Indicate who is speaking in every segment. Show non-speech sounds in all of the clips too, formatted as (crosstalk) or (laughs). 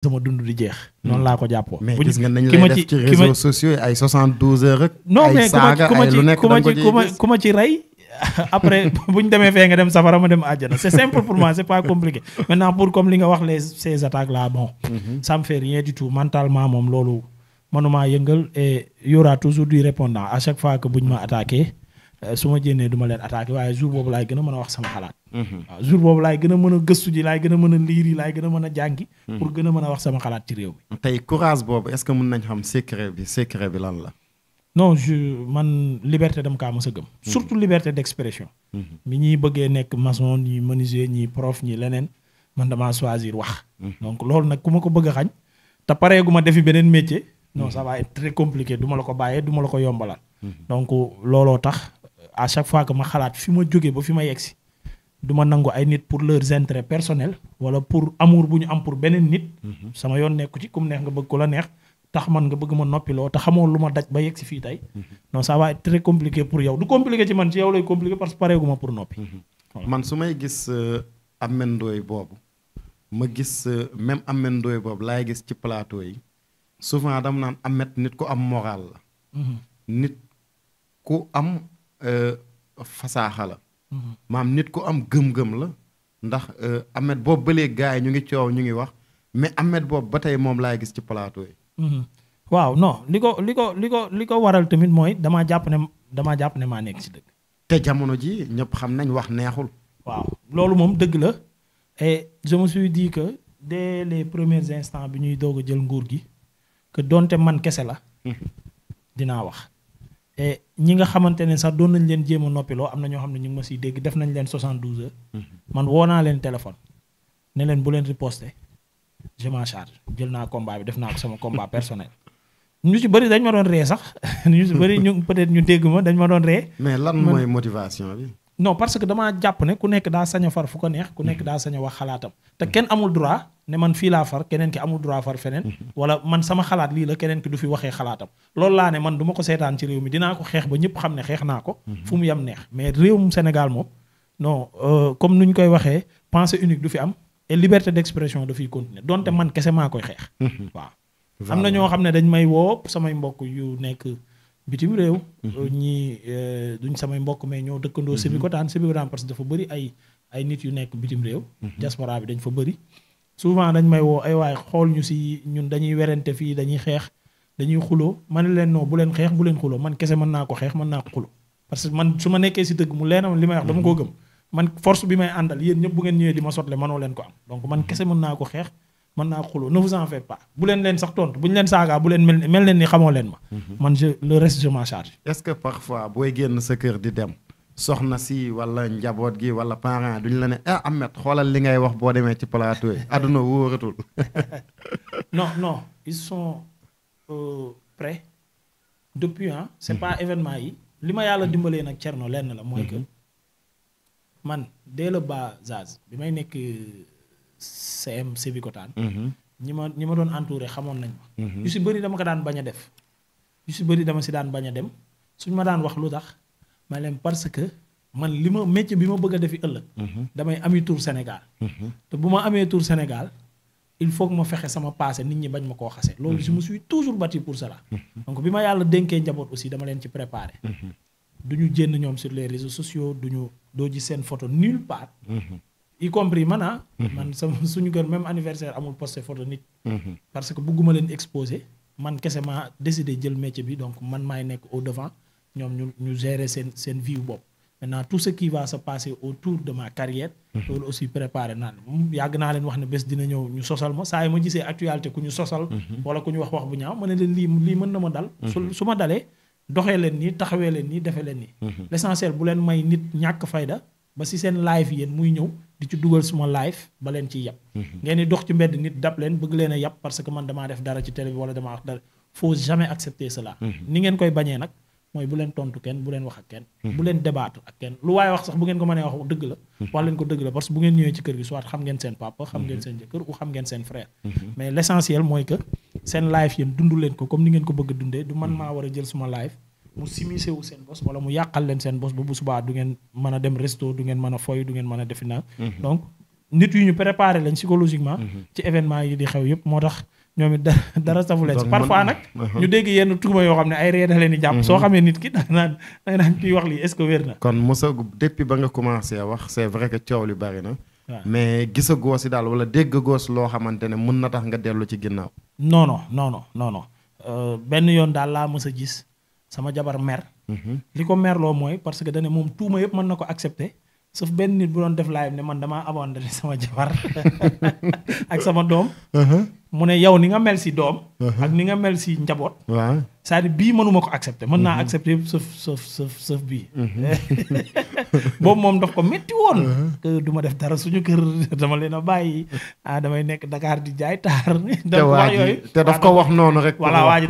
Speaker 1: sama dund di
Speaker 2: jeex. noonu laa ko jàppoo. mais gis nga nañ lay def ci réseaux sociaux ay 72 heures rek.
Speaker 1: ay saaga nekk da ku ma ci rey. (laughs) après bu demee fee nga dem safara ma dem àjjana c'est simple pour moi c'est pas compliqué li nga wax les ces attaques là bon. Mhm. ça mentalement moom loolu manuma yëngal et y aura toujours du répondant à chaque fois que buñ ma attaqué euh, su ma jénnee du ma leen attaqué waaye jour boobu laay gën a a wax sama xalaat. Mm-hmm. waaw jour boobu laay gën a mën a gëstu ji laay gën a mën a liir yi laay gën a mën a jàngi mm-hmm. pour gën a mën a wax sama xalaat ci réew
Speaker 2: mi tey courage boobu est-ce que mën nañ xam secret bi secret bi lan la
Speaker 1: non je man liberté dama kaa mës a gëm mm-hmm. surtout liberté d'expression bi ñuy bëggee nekk maçon ñi menuisier ñi prof ñi leneen man damaa choisir wax donc loolu nag ku ma ko bëgg a xañ te pareegu ma defi beneen métier non sa va être très compliqué du la ko bàyyee du la ko yombalal donc looloo tax à chaque fois ma xalaat fi ma jógee ba fi ma yegsi du ma nangu ay nit pour leurs intérêts personnels wala pour amour bu ñu am pour beneen nit. Mhm. sama yoon nekku ci kum neex nga bëgg ko la neex tax man nga bëgg ma noppiloo te xamoo lu ma daj ba yegg si fii tey. Mhm. non ça va très compliqué pour yow du compliqué ci man ci yow lay compliqué parce que pareegu ma pour noppi. Mhm.
Speaker 2: man su may gis euh, Ameth Ndoye boobu ma gis euh, même Ameth boobu laay gis ci plateau yi souvent dama naan Ameth nit ku am moral la. nit ku euh, fasaaxa maam nit ku am gëm-gëm la ndax euh, Ahmed boobu ba léegi gars yi ñu ngi coow ñu ngi wax mais Ahmed boobu ba tey moom laay gis ci plateau yi.
Speaker 1: Mm-hmm. waaw no li ko li ko li ko li ko waral tamit mooy damaa jàpp ne damaa jàpp ne maa nekk si dëgg. te jamono ji ñëpp xam nañ wax neexul. waaw loolu moom dëgg la et je me suis dit que les premiers instants bi ñuy doog a jël nguur gi que donte man kese la. Mm-hmm. dinaa wax. et eh, ñi nga xamante ne sax doon nañ leen jéem a noppiloo am na ñoo xam ne ñu ngi ma siy dégg def nañ leen 72 heures. Mm-hmm. man woo naa leen téléphone ne leen bu leen riposté je m'en charge jël naa combat bi def naa ko sama combat (laughs) personnel. ñu si bëri dañ ma doon ree sax (laughs) ñu ci bëri ñu peut-être ñu dégg ma dañ ma doon ree mais lan mooy motivation bi. non parce que damaa jàpp ne ku nekk daa sañ a far fu ko neex ku nekk mm-hmm. daa sañ wax xalaatam te kenn amul droit ne man fii laa far keneen ki amul droit far feneen mm-hmm. wala man sama xalaat lii la keneen ki du fi waxee xalaatam loolu laa ne man duma ko seetaan ci réew mi dinaa ko xeex ba ñëpp xam ne xeex naa ko mm-hmm. fu mu yem neex mais réewum Sénégal moom non euh, comme nu ñu koy waxee pensée unique du fi am et liberté d'expression dafay continuer donte man kese maa koy xeex waaw am ñoo xam ne dañ may woo samay mbokk yu nekk bitim réew. Mhm. ñii eh, duñ samay mbokk mais ñoo dëkkandoo. Mhm. Sébikotane Sébikotane parce que dafa bëri ay ay nit yu nekk bitim réew. Mhm. diaspora bi dañ fa bëri. souvent dañ may woo ay waay xool ñu si ñun dañuy werante fii dañuy xeex dañuy xuloo ma ne leen non bu leen xeex bu leen xuloo man kese mën naa ko xeex mën naa ko xuloo parce que man su ma nekkee si dëgg mu leena li may wax dama koo gëm. man force bi may àndal yéen ñëpp bu ngeen ñëwee di ma sotle mënoo leen ko am donc mën naa xuloo ne vous en faites pas bu leen leen sax tontu bu ñu leen saagaa bu leen mel mel leen ni xamoo leen ma. Mhm. man je le reste je m'en
Speaker 2: est-ce que parfois booy génn sa kër di dem soxna si walla njaboot gi wala parent duñ la ne ah Ahmed xoolal li ngay wax boo demee ci plateau yi àdduna wóoratul.
Speaker 1: (laughs) non non ils sont euh, prêts depuis ah. c'est mhm. pas événement yi. li ma yàlla mhm. dimbalee nag Thierno lenn la. mooy que man dès le bas bi may nekk. CM Sébikotane mm-hmm. ñi ma ñi ma doon entouré xamoon nañ ma yu mm-hmm. si bëri dama ko daan bañ def yu si bëri dama si daan bañ dem suñ ma daan wax lu tax ma leen parce que man li ma métier bi ma bëgg a defi ëllëg mm-hmm. damay ami tour Sénégal te bu ma amee tour Sénégal il faut que ma fexe sama passé nit ñi bañ ma koo xase loolu je me suis toujours battu pour cela donc bi ma yàlla dénkee njaboot aussi dama leen ci préparé du ñu jénn ñoom sur les réseaux sociaux du y compris man ah. Mhm. man sama (laughs) suñu kër même anniversaire amul posté photo nit. Mhm. parce que bëgguma leen exposé man kese maa décidé jël métier bi donc man maay nekk au devant ñoom ñu ñu gérer seen seen vie bopp. maintenant tout ce qui va se de ma carrière. Mhm. loolu aussi préparé naa yàgg naa leen wax ne bés dina ñëw ñu sosal ma saa yi ma gisee actualité ku ñu sosal. wala ku ñu wax wax bu ñaaw ma leen lii lii mën na ma dal. su su ma dalee doxee leen nii taxawee leen nii defee leen nii. l'essentiel bu leen may nit ñàkk fayda ba si seen live yéen muy ñëw. di ci dugal suma live ba leen ciy yab. Mhm. ngeen di dox ci mbedd nit dab leen bëgg leen a yab parce que man damaa def dara ci télé bi wala damaa wax dara faut jamais accepter cela. Mhm. ni ngeen koy bañee nag mooy bu leen tontu kenn bu leen wax ak kenn. Mhm. bu leen débattre ak kenn lu waaye wax sax bu ngeen ko mënee wax dëgg la. wax leen ko dëgg la parce que bu ngeen ñëwee ci kër gi soit xam ngeen seen papa. xam ngeen seen jëkkër ou xam ngeen seen frère. mais ko comme ni ngeen ko a a jël suma mu simisé wu seen bos wala mu yàqal leen seen bos bu subaa du ngeen mën a dem resto du ngeen mën a foy du ngeen mën a defi mhm. donc nit yu ñu préparé lañ psychologiquement mhm. ci événement yi di xew yëpp moo tax ñoom it dara safu leen si parfois nag mhm. ñu dégg yenn tuuma yoo xam ne ay reena leen jàpp soo xamee nit ki (laughs) da naan da naan kiy wax lii est-ce
Speaker 2: na kon Moussa depuis ba nga commencé wax c'est vrai que coow li bari mais gis a goos yi daal wala dégg a goos loo xamante ne mën na tax nga dellu ci ginnaaw
Speaker 1: non non non non non non euh, benn yoon daal laa mës a gis sama jabar mer. Mhm. li ko merloo mooy parce que dane moom tuuma yëpp man na ko accepté sauf benn nit bu doon def live ne man damaa abandonné sama jabar (laughs) ak sama doom. Mhm. mu ne yow ni nga mel si doom. Uh-huh. ak ni nga mel si njaboot. waaw cest bii mënuma ko accepter. mën naa uh-huh. accepter yëpp sëf sëf sëf sëf bii. Uh-huh. (laughs) boobu moom daf ko métti woon. def dara suñu kër leen a bàyyi ah nekk Dakar di jaay taar. (laughs) te waa ji te daf ko wax noonu rek. voilà waa ji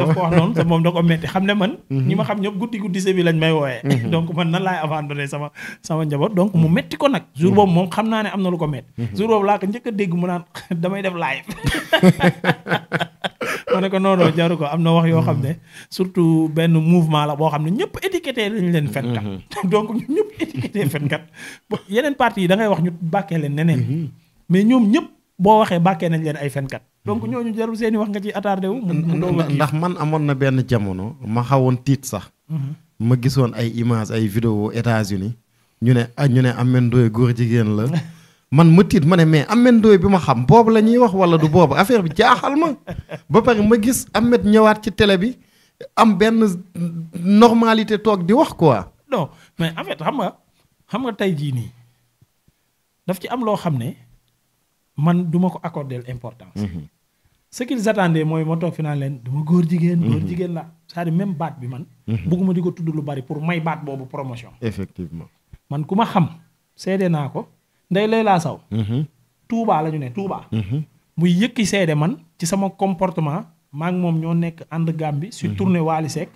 Speaker 1: (laughs) moom da ko métti xam ne man. ñi ma xam ñëpp guddi guddi se bi lañ may wooye donc man na laay abandonné sama sama njaboot donc mu metti ko nag. jour boobu moom xam naa ne am na lu ko métti. jour boobu laa ko njëkk a dégg mu naan damay def laay (laughs) ma ne ko non non jaru ko am na wax yoo xam ne hmm. surtout benn mouvement la boo xam ne ñëpp étiqueté lañ leen fenkat hmm. (laughs) donc ñu fenkat yeneen parti yi da wax ñu bàkkee leen neneen hmm. mais ñoom ñëpp boo waxee bàkkee nañ leen ay fenkat donc ñooñu jarul seeni wax nga ci attardé wu ndax
Speaker 2: man amoon na benn jamono ma xawoon tiit sax ma gisoon ay image ay vidéo États-Unis ñu ne ah, ñu ne Ameth Ndoye góor jigéen la (laughs) man ma tiit ma ne mais Ameth Ndoye bi ma xam boobu la ñuy wax wala du boobu affaire bi jaaxal ma ba pare ma gis Ameth ñëwaat ci télé bi am benn normalité toog di wax quoi.
Speaker 1: non mais en xam nga xam nga tey jii nii daf ci am loo xam ne man duma ko accorder l'importance. Mhm. ce qu'ils attendaient mooy ma toog fi naa leen du góor jigéen. góor mhm. jigéen la c'est-à-dire même baat bi man. Mhm. bëgguma di ko tudd lu bari pour may baat boobu promotion.
Speaker 2: effectivement
Speaker 1: man ku ma xam seede naa ko. Ndeye Leila Sow. Mm-hmm. Touba la ñu ne Touba. Mm-hmm. muy yëkki seede man ci sama comportement maa ngi moom ñoo nekk ànd Gàmbi bi. sur mm-hmm. tournée Wally Seck.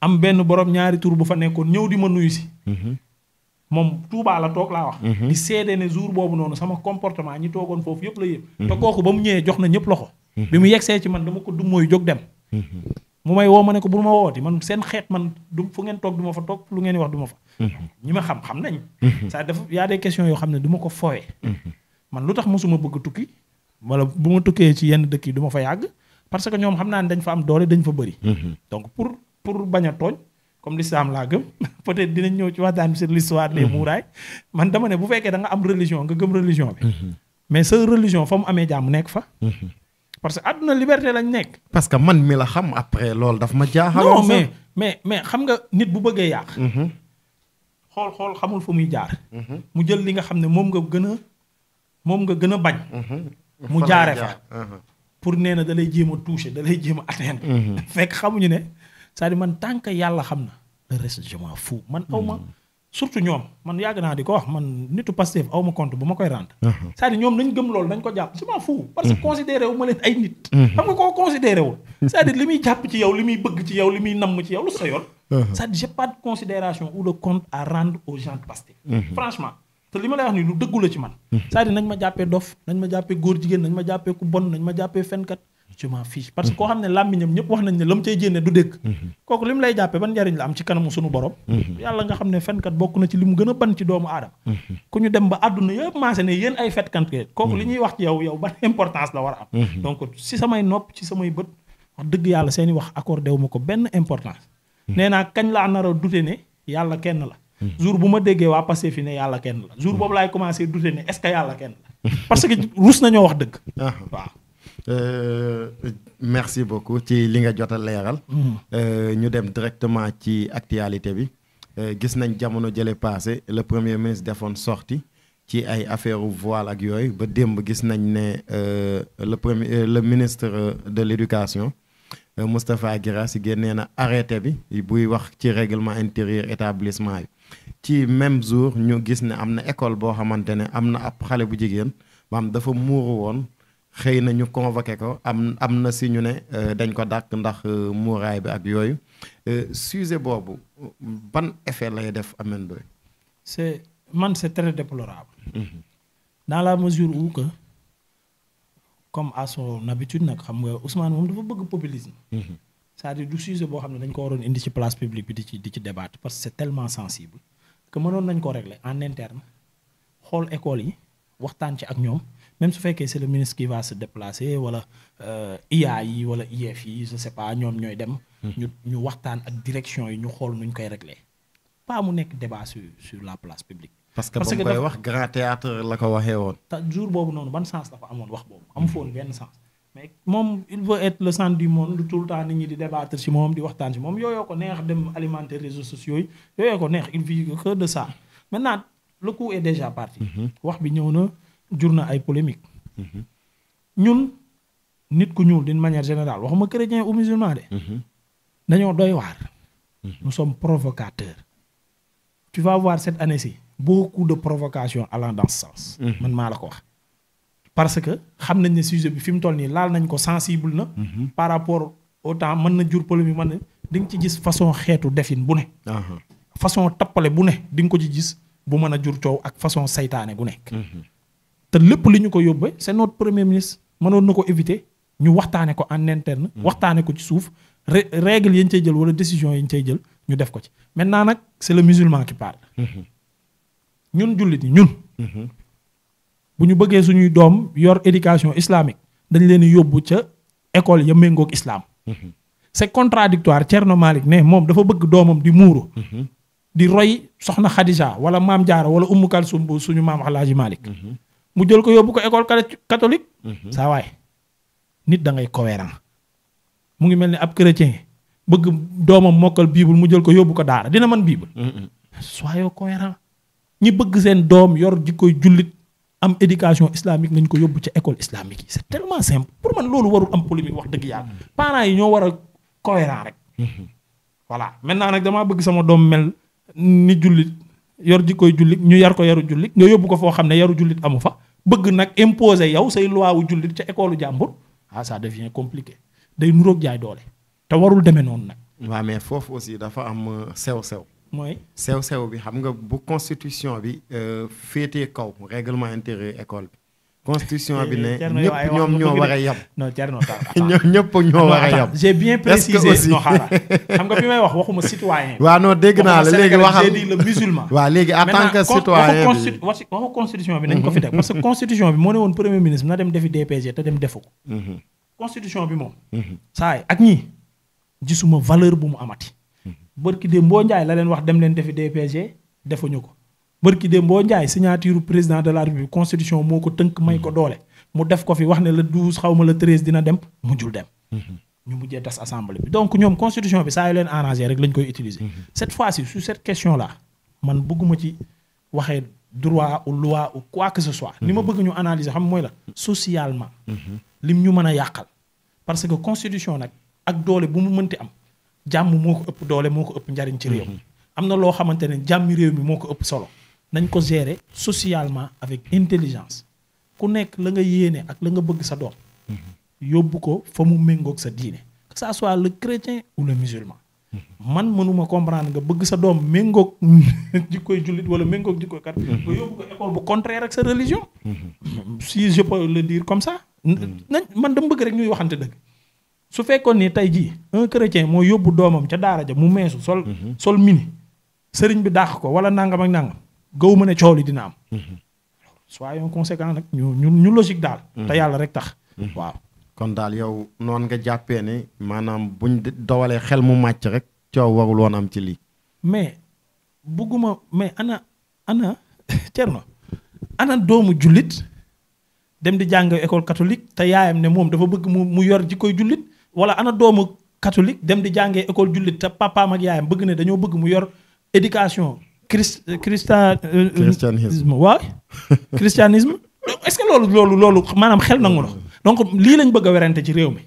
Speaker 1: am benn borom ñaari tour bu fa nekkoon ñëw di ma nuyu si. moom Touba la toog laa wax. di seede ne jour boobu noonu sama comportement ñi toogoon foofu yëpp la yëpp. te kooku ba mu ñëwee jox na ñëpp loxo. bi mu yegsee ci man dama ko dummóoy jóg dem. mu may woo ma ne ko bu ma wooti man seen xeet man du fu ngeen toog du fa toog lu ngeen wax du fa. Mhm. ñi ma xam xam nañ. saa mhm. def yaa a des yoo xam ne du ma ko foowe mhm. man lu tax suma bëgg tukki wala bu ma tukkee ci yenn dëkk yi du ma fa yàgg parce que ñoom xam naa ne dañ fa am doole dañ fa bëri. donc pour pour bañ a tooñ comme l'islam laa gëm (laughs) peut-être dinañ ñëw ci waxtaan bi sur l'histoire des murailles man dama ne bu fekkee da nga am religion nga gëm religion bi. mais sa religion fa mu amee jàmm nekk fa. parce que àdduna liberté lañ nekk. parce que man mi la xam après loolu daf ma jaaxaloon. mais mais xam nga nit bu bëggee yàq. xool xool xamul fu muy jaar. Mhm. mu jël li nga xam ne moom nga gën a moom nga gën a bañ. Mhm. mu jaare fa mhm. pour nee na da lay jéem a toucher da lay jéem a atteindre. (laughs) fekk xamuñu ne cest à man tant que yàlla xam na le reste je man aw ma. surtout ñoom man yàgg naa di ko wax man nit nitu Pastef aw ma compte bu ma koy rendre. Uh-huh. cest à ñoom nañ gëm loolu nañ ko jàpp je m'en fous. parce que uh-huh. considéré wu ma leen ay nit. Uh-huh. xam nga koo considéré wul. c'est-à-dire li muy jàpp ci yow li muy bëgg ci yow li muy namm ci yow lu sa yoon. c'est-à-dire j'ai pas de considération ou de compte à rendre aux gens de franchement te li ma lay wax nii lu dëggu la ci man. cest à nañ ma jàppee dof nañ ma jàppee góor jigéen nañ ma jàppee ku bon nañ ma jàppee je m'en fiche parce que mhm. koo xam ne làmmiñam ñëpp wax nañ ne la mu cay jénne du dégg mhm. kooku li mu lay jàppee ban njariñ la am ci kanamu sunu borom mhm. yàlla nga xam ne fenkat bokk na ci li mu gën a ban ci doomu aadama ku ñu dem ba àdduna yëpp maase ne yéen ay fetkat ke kooku li ñuy wax ci yow yow ban (laughs) importance la war a am donc si samay nopp ci samay bët wax dëgg yàlla seeni wax accordé wu ma ko benn importance nee naa kañ laa nar a dute ne yàlla kenn la jour bu ma déggee waa passé fi ne yàlla kenn jour boobu laay commencé dute ne est ce que yàlla kenn (laughs) nañoo wax dëgg ah. waaw Euh,
Speaker 2: merci beaucoup ci li nga jot a leeral. Mm-hmm. Euh, ñu dem directement ci actualité bi. Euh, gis nañ jamono jële passé le premier ministre defoon sorti ci ay affaire voile ak yooyu ba démb gis nañ ne le premier le ministre de l'éducation Moustapha Guirassy génnee na arrêté bi buy wax ci règlement intérieur établissement yi ci même jour ñu gis ne am na école boo xamante ne am na ab xale bu jigéen maam dafa muuru woon xëy na ñu convoqué ko am am na si ñu ne euh, dañ ko dàq ndax euh, muuraay bi ak yooyu euh, sujet boobu ban effet lay def Ameth Ndoye
Speaker 1: c'est man c'est très déplorable mhm. dans la mesure où comme à son habitude nag xam nga Ousmane moom dafa bëgg populisme mhm. c'est-à-dire du sujet boo xam ne dañ ko waroon indi ci place publique bi di ci di ci débattre parce que c'est tellement sensible que mënoon nañ ko régler en interne xool école yi waxtaan ci ak ñoom même su fekkee c'est le ministre qui va se déplacer wala euh, IA yi wala IEF yi je sais pas ñoom ñooy dem. Hmm. ñu ñu waxtaan ak direction yi ñu xool nuñ koy régler pas mu nekk débat sur sur la place publique. parce que ba mu koy wax
Speaker 2: grand théâtre la ko waxee woon.
Speaker 1: jour boobu noonu ban sens dafa amoon wax boobu amu foon benn sens. mais moom il veut être le centre du monde tout le temps nit ñi di débattre ci moom di waxtaan ci moom yooyoo ko neex dem alimenter réseaux sociaux yi yooyoo ko neex il vit parti. Mm-hmm. wax bi ñëw na. jur na ay polémique ñun nit ku ñuul d'une manière générale waxuma chrétien ou musulman de. dañoo doy waar. nous sommes provocateurs. tu vas voir cette année-ci beaucoup de provocation allant dans man maa la ko wax. parce que xam nañ ne sujet bi fi mu toll nii laal nañ ko sensible na. par rapport au temps mën na jur polémique mën na di nga ci gis façon xeetu defin bu ne. façon tappale bu ne di nga ko ci gis bu mën a jur coow ak façon saytaane gu nekk. te lépp li ñu ko yóbbee c'est notre premier ministre mënoon na ko éviter ñu waxtaane ko en interne. Mm. waxtaane ko ci suuf ré yañ yi cay jël wala décision yañ ñu jël ñu def ko ci maintenant nag c'est le musulman qui parle. Mm-hmm. ñun jullit yi ñun. Mm-hmm. bu ñu bëggee suñuy doom yor éducation islamique dañ leen di yóbbu ca école ya méngoog islam. Mm-hmm. c'est contradictoire Thierno Malick ne moom dafa bëgg doomam di muuru. di roy soxna Khadija wala maam Jaara wala Ummu Kalsum suñu maam Alaaji Malick. mu jël ko yóbbu ko école catholique. Mhm. saa waay nit da ngay cohérent mu ngi mel ni ab chrétien bëgg doomam mokkal bible mu jël ko yóbbu ko daara dina mën bible. Mhm. soyons cohérent ñi bëgg seen doom yor jikkoy jullit am éducation islamique nañ ko yóbbu ca école islamique yi c'est tellement simple pour man loolu warul am polémique wax dëgg yàlla. Mhm. parents yi ñoo wara a rek rek. voilà naa nag damaa bëgg sama doom mel ni jullit yor jikkoy jullit ñu yar ko yaru jullit nga yóbbu ko foo xam ne yaru jullit amu fa bëgg nag imposer yow say loi wu jullit ca école jàmbur ah ça devient compliqué day nuroog jaay doole te warul demee noonu nag.
Speaker 2: waaw mais foofu aussi dafa am euh, sew sew. mooy sew sew bi xam nga bu constitution bi euh, féetee kaw règlement intére école bi. constitution bi ne ñëpp ñoom ñoo war a yem.
Speaker 1: non Thierno (laughs)
Speaker 2: ñoom ñëpp ñoo war a yem. j'ai bien précisé non xaaral xam nga bi may wax waxuma
Speaker 1: citoyen. (laughs) waaw non dégg naa la léegi waxal j'ai dit le musulman. waaw léegi en tant que citoyen bi waxu constitution bi nañ ko fi teg mhm. parce que constitution bi moo ne woon premier ministre na dem defi DPG te dem defu ko. Mhm. constitution bi moom. Mhm. saa yi ak ñii gisuma valeur bu mu amati. barki de mboo Ndiaye la leen wax dem leen defi DPG defuñu ko. bërki dem boo njaay signature président de la république constitution moo ko tënk may ko mm-hmm. doole mu def ko fi wax ne le douze xaw ma le treize dina dem mujjul dem mm-hmm. ñu mujjee tas assemblée bi donc ñoom constitution bi saa yu leen arrangé rek lañ koy utiliser mm-hmm. cette fois-ci sur cette question là man bëgguma ci waxee droit ou loi ou quoi que ce soit li ma bëgg ñu analyser xam mooy la socialement lim ñu mën a yàqal parce que constitution nag ak doole bu mu mënti am jàmm moo ko ëpp doole moo ko ëpp njariñ ci réew am na loo xamante ne jàmmi réew mi moo ko ëpp solo nañ ko gérer socialement avec intelligence ku nekk la nga yéene ak la nga bëgg sa doom mhm. yóbbu ko fa mu méngoog sa diine que ça le chrétien ou le musulman mhm. man mënuma comprendre nga bëgg sa doom méngoog (laughs) jikkoy jullit wala méngoog jikkoy kat mhm. nga yóbbu ko école bu contraire ak sa religion si je peux le dire comme sax nañ man dama bëgg rek ñuy waxante dëgg su fekkoon ni tey jii un chrétien moo yóbbu doomam ca daara ja mu meesu sol sol mini sëriñ bi daax ko wala nangam ak nangam gëw ma ne coow li dina am. Mhm. soyons conséquents nag ñu ñu ñu daal. Mhm. te yàlla rek tax.
Speaker 2: Mhm. waaw kon daal yow noonu nga jàppee ne maanaam buñ dowalee xel mu màcc rek coow warul woon am ci lii.
Speaker 1: mais bëgguma mais ana ana (laughs) Thierno ana doomu jullit dem di jàng ecole catholique te yaayam ne moom dafa bëgg mu mu yor jikkoy jullit wala ana doomu catholique dem di jàngee école jullit te papaam ak yaayam bëgg ne dañoo bëgg mu yor éducation Christ Christa. Euh, euh, euh, christianisme waaw (laughs) christianisme. est-ce que loolu loolu loolu maanaam xel nangu na donc lii lañ bëgg a werante ci réew mi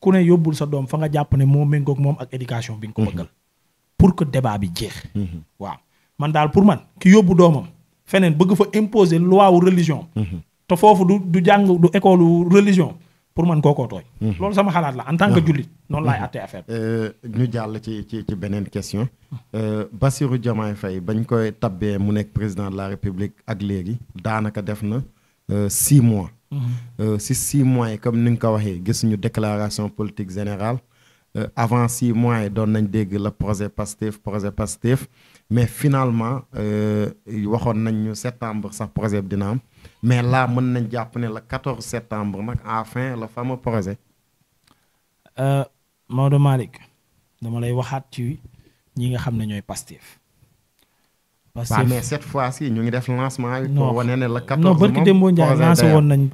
Speaker 1: ku ne yóbbul sa doom fa nga jàpp ne moo méngoog moom ak éducation bi nga ko mhm. bëggal. pour que débat bi jeex. Mhm. waaw man daal pour man ki yóbbu doomam feneen bëgg fa imposer loi wu religion. Mhm. te foofu du du jàng du école religion. pour man koo tooñ. Mhm. loolu sama xalaat la en tant que jullit noonu laay mhm. àttee affaire
Speaker 2: euh, ñu jàll ci ci ci beneen question. Mhm. Euh, Bassirou Diomaye Faye bañ koy tabbee mu nekk président de la république ak léegi daanaka def na euh, six mois. si six mois yi comme ni nga ko waxee gis ñu déclaration politique général avant six mois yi doon nañ dégg la projet Pastef projet Pastef mais finalement waxoon nañ ñu septembre sax projet bi dina mais là mën nañ jàpp ne le 14 septembre nag enfin le fameux projet.
Speaker 1: Euh, Maodo Malick dama lay waxaat ci ñi nga xam ne ñooy Pastef
Speaker 2: waaw mais cette fois ci ñu def lancement. non wane ne la 14 non barki Demba Ndiaye lancé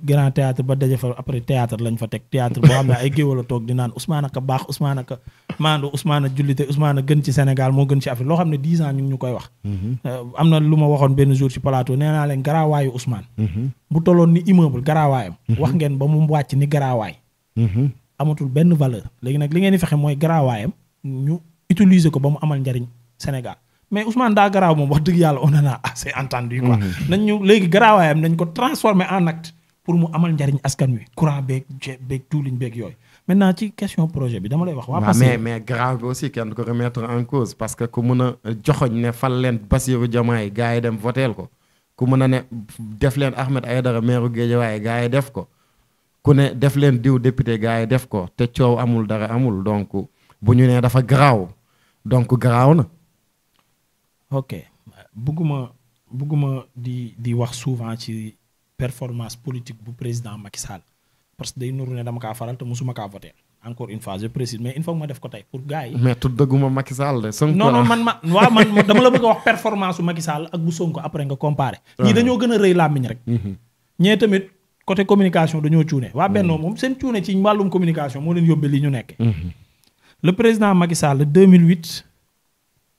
Speaker 1: grand théâtre ba daje fa après théâtre lañ fa teg théâtre boo xam ne ay géwél toog di naan Ousmane ak a baax Ousmane ak a maandu Ousmane a jullite Ousmane a gën ci Sénégal moo gën ci Afrique loo xam ne 10 ans ñu ngi ñu koy wax. Mhm. Euh, am na lu ma waxoon benn jour ci plateau nee naa leen garaawaayu Ousmane. Mhm. bu tolloon ni immeuble garaawaayam. Mhm. wax ngeen ba mu wàcc ni garaawaay. amatul benn valeur léegi nag li ngeen di fexe mooy garaawaayam ñu utiliser ko ba mu amal njariñ Sénégal mais Ousmane daa garaaw moom wax dëgg yàlla on en a assez entendu quoi. Mhm. nañ ñu léegi garaawaayam nañ ko transformer en pour mu amal njariñ askan wi courant beeg je beeg tuuliñ beeg yooyu. maintenant ci question projet bi dama lay wax. mais
Speaker 2: mais grave bi aussi kenn du ko remettre que ku mun a joxoñ ne fal leen Bassirou Diomaye gars yi dem ko ku mun a ne def leen Ahmed Aïdara maire Guédiawaye gars yi def ko ku ne def leen diw député gars yi def ko te coow amul dara amul donc bu ñu nee dafa garaaw donc garaaw na.
Speaker 1: ok bugguma bugguma di di wax souvent ci performance politique bu président Macky Sall parce que day nuru ne dama kaa faral te musuma kaa voté encore une fois je précise mais il faut que ma def ko tey pour gars yi. mais
Speaker 2: tuddaguma Macky Sall de. Sonko non non man ma
Speaker 1: waaw man la bëgg wax performance su Macky Sall ak bu Sonko après nga comparé. dañoo gën a rëy làmmiñ rek. Mhm. ñee tamit côté communication dañoo cuune. waa Benno mhm. moom seen cuune ci wàllum communication moo leen yóbbee li ñu nekk. Mhm. le président Macky Sall 2008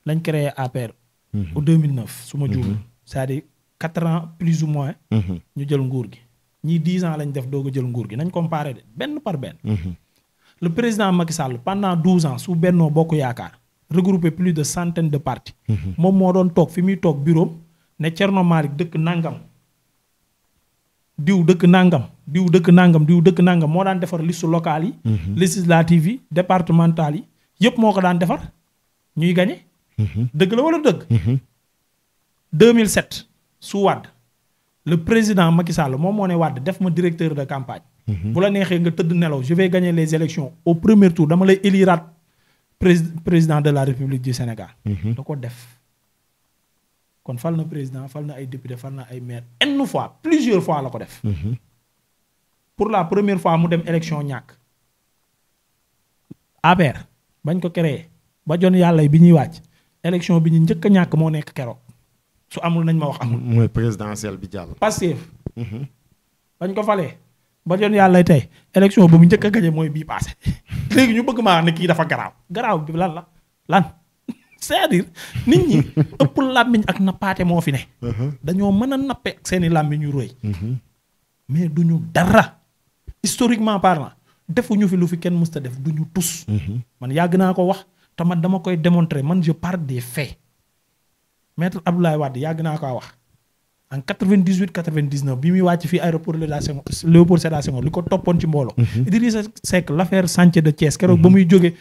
Speaker 1: lañ créé APR. au mhm. 2009 su ma juumee mhm. c'est-à-dire quatre ans plus ou moins. Mhm. ñu jël nguur gi ñii dix ans lañ def doog a jël nguur gi nañ comparé de benn par benn. le président Macky Sall pendant douze ans su Bennoo Bokk Yaakaar regroupé plus de centaines de partis. moom moo doon toog fi muy toog bureau ne Thierno Malick dëkk nangam diw dëkk nangam diw dëkk nangam diw dëkk nangam moo daan defar liste locale yi. législative yi départementale yi yëpp moo ko daan defar ñuy gagné. dëgg la wala dëgg. 2007 mm-hmm. su Wade le président Macky Sall moom moo ne Wade def ma directeur de campagne. Mm-hmm. bu la neexee nga tëdd nelaw je vais les élections au premier tour dama lay éliraat président de la République du Sénégal. Mm-hmm. da ko def. kon fal na président fal na ay député fal na ay maire une fois plusieurs fois la ko def. pour la première fois mu dem élection ñàkk. APR bañ ko créé ba jon yàlla bi ñuy wàcc élection bi ñu njëkk ñàkk moo nekk keroog su amul nañ ma wax amul.
Speaker 2: mooy présidentielle bi jàll. Pastef. dañ
Speaker 1: mhm. ko falee ba yoon yàlla tey élection bu mu njëkk a mooy bii passé (laughs) léegi ñu bëgg maa ne kii dafa garaaw garaaw bi lan la lan (laughs) c'est-à-dire nit ñi (laughs) ëpp làmmiñ ak nappaate moo fi ne. Mhm. dañoo mën a nappe seeni làmmiñ ñu roy. Mhm. mais du ñu dara historiquement parlant defuñu fi lu fi kenn mësta def du ñu tus. man yàgg naa ko wax. te man dama koy démontrer man je parle des faits maître Abdoulaye Wade yàgg naa ko wax en 98 99 bi muy wàcc fi aéroport Léopold Sédar Senghor li ko toppoon ci mbooloo. Mhm. Idrissa Seck l' affaire chantier de Thiès keroog ba mhm. muy jóge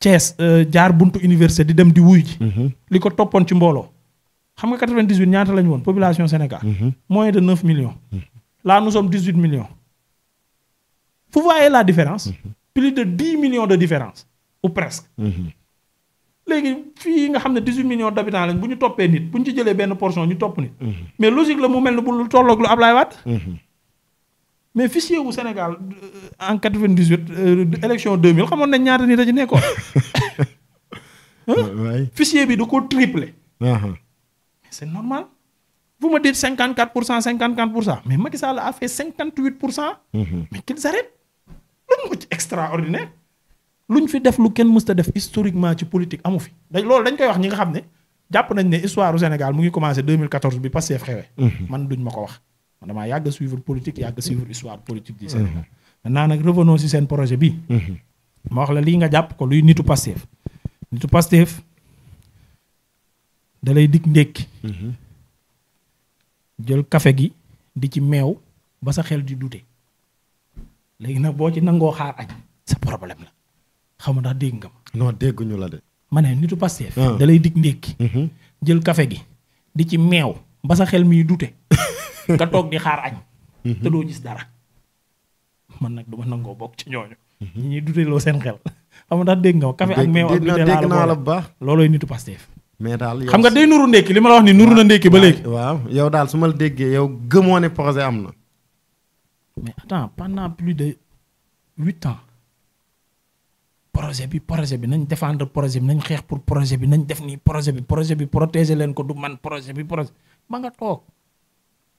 Speaker 1: Thiès euh, jaar buntu université di dem di wuy ji. Mhm. li ko toppoon ci mbooloo. xam nga 98 ñaata lañu woon population Sénégal. moins de 9 millions. là nous sommes 18 millions. vous voyez la différence. plus de 10 millions de différence ou presque. léegi fii nga xam ne 18 millions d'habitants lañ bu ñu toppee nit bu ñu ci jëlee benn portion ñu topp nit. Mhm. mais logique la mu mel ne bu lu tolloog lu Ablaye Wade. Mhm. mais fichier wu Sénégal euh, en 98 euh, élection 2000 xamoon nañ ñaata nit a ci nekkoon. (laughs) fichier bi du ko triplé.
Speaker 2: Uh-huh. mais
Speaker 1: c'est normal. ma me dites 54 pour cent 54 pour cent mais Macky Sall a fait 58 pour cent. Mhm. mais qu'ils arrêtent. lan moo ci extraordinaire. luñ fi def lu kenn mës def historiquement ci politique amu fi dañ loolu dañ koy wax ñi nga xam ne jàpp nañ ne histoire u Sénégal mu ngi commencé 2014 bi Pastef xewee mhm. man duñ ma ko wax man damaa yàgg suivre politique yàgg suivre histoire politique du mhm. Sénégal maintenant nag revenons si seen projet bi mhm. ma wax la lii nga jàpp ko luy nitu Pastef nitu Pastef da lay dig ndékki jël kafe gi di ci meew ba sa xel di dute léegi nag boo ci nangoo xaar añ sa problème la xaw ma ndax dégg nga ma. non dégguñu la de. ma ne nitu ah. da lay dig ndékki. Mm-hmm. jël café gi di ci meew ba sa xel miy dute (laughs) nga toog di xaar añ. Mm-hmm. te gis dara. man nag du ma nangoo bokk ci ñooñu. Mm-hmm. ñi ñuy duteloo seen xel. (laughs) xam nga ndax dégg nga ak meew ak dutee dégg naa bu baax. loolooy nitu Pastef. mais daal xam nga
Speaker 2: day nuru ndékki li ma la wax ni nuru na ndékki ba léegi. waaw yow daal su ma déggee yow gëmoo ne projet am na.
Speaker 1: mais attends pendant plus de huit ans. projet bi projet bi nañ défendre projet bi nañ xeex pour projet bi nañ def nii projet bi projet bi protéger leen ko du man projet bi projet ba nga toog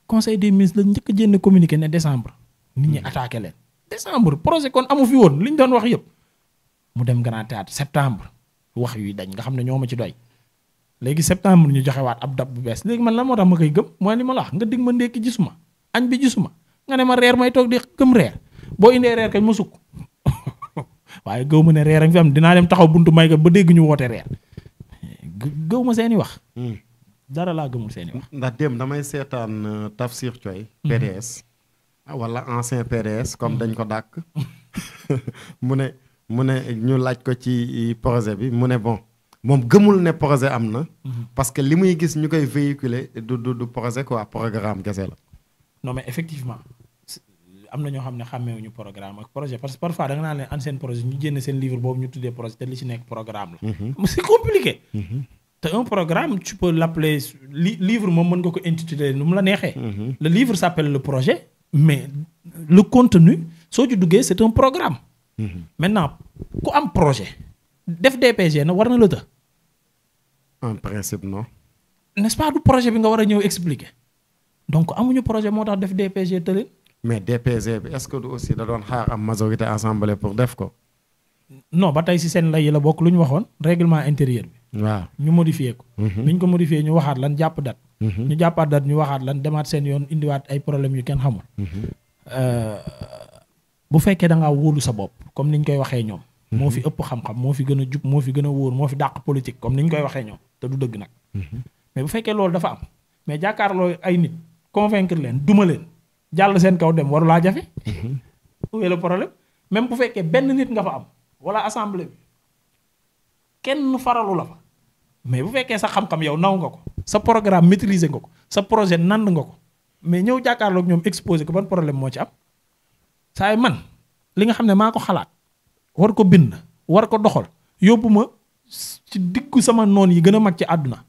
Speaker 1: conseil des ministres lañ njëkk a jénn communiqué ne décembre nit ñi hmm. attaqué leen décembre projet kon amu fi woon li ñu doon wax yëpp mu dem Grand Théâtre septembre wax yuy dañ nga xam ne ñoo ma ci doy léegi septembre ñu joxewaat ab dab bu bees léegi man lan moo tax ma koy gëm mooy li ma la wax nga dig ma ndékki gisuma añ bi gisuma nga ne ma reer may toog di gëm reer boo indee reer kañ ma sukk waaye gëw ma ne reer am dinaa dem taxaw buntu may ko ba dégg ñu woote reer gëw ma seen i wax.
Speaker 2: Hmm. dara laa gëmul seen wax. ndax dem damay seetaan euh, Tafsir Coy. PDS en ancien PDS comme hmm. dañ ko dàkk (laughs) mu ne mu ne ñu laaj ko ci projet bi mu ne bon. moom gëmul ne projet am na. Hmm. parce que li muy gis ñu koy véhiculer du du du projet quoi programme gese la.
Speaker 1: non mais effectivement am na ñoo xam ne xàmmeewuñu programme ak projet parce que parfois da nga leen an seen projet ñu génne seen livre boobu ñu tuddee projet te li ci nekk programme la. Mhm. c'est compliqué. Mhm. te un programme tu peux l'appeler li livre mhm. soo ci duggee c'est un programme. maintenant ku am projet. def DPG na war na la të.
Speaker 2: en principe non.
Speaker 1: n'est-ce pas du projet bi nga war a ñëw expliquer. donc amuñu projet moo tax def DPG tële.
Speaker 2: mais DPG bi est-ce que du aussi da doon xaar am majorité assemblée pour def ko.
Speaker 1: non ba tey si seen lay la bokk lu ñu waxoon règlement intérieur bi. waaw ñu modifié ko. Mhm. ni ñu ko modifié ñu waxaat lan jàpp dat. Mhm. ñu jàppaat dat ñu waxaat lan demaat seen yoon indiwaat ay problèmes yu kenn xamul. Mhm. Euh, bu fekkee da ngaa wóolu sa bopp comme ni ñu koy waxee ñoom. moo fi ëpp xam-xam moo fi gën a jub moo fi gën a wóor moo fi dàq politique comme ni ñu koy waxee ñoom te du dëgg nag. jàll seen kaw dem warulaa jafe. Mhm. où est le problème même bu fekkee benn nit nga fa am wala assemblée bi kenn faralu la fa mais bu fekkee sa xam-xam yow naw nga ko sa programme maîtriser nga ko sa projet nand nga ko mais ñëw jàkkaarloog ñoom exposé ko ban problème moo ci am saay man li nga xam ne maa ko xalaat war ko bind war ko doxal yóbbu ma ci diggu sama noon yi gën a mag ci àdduna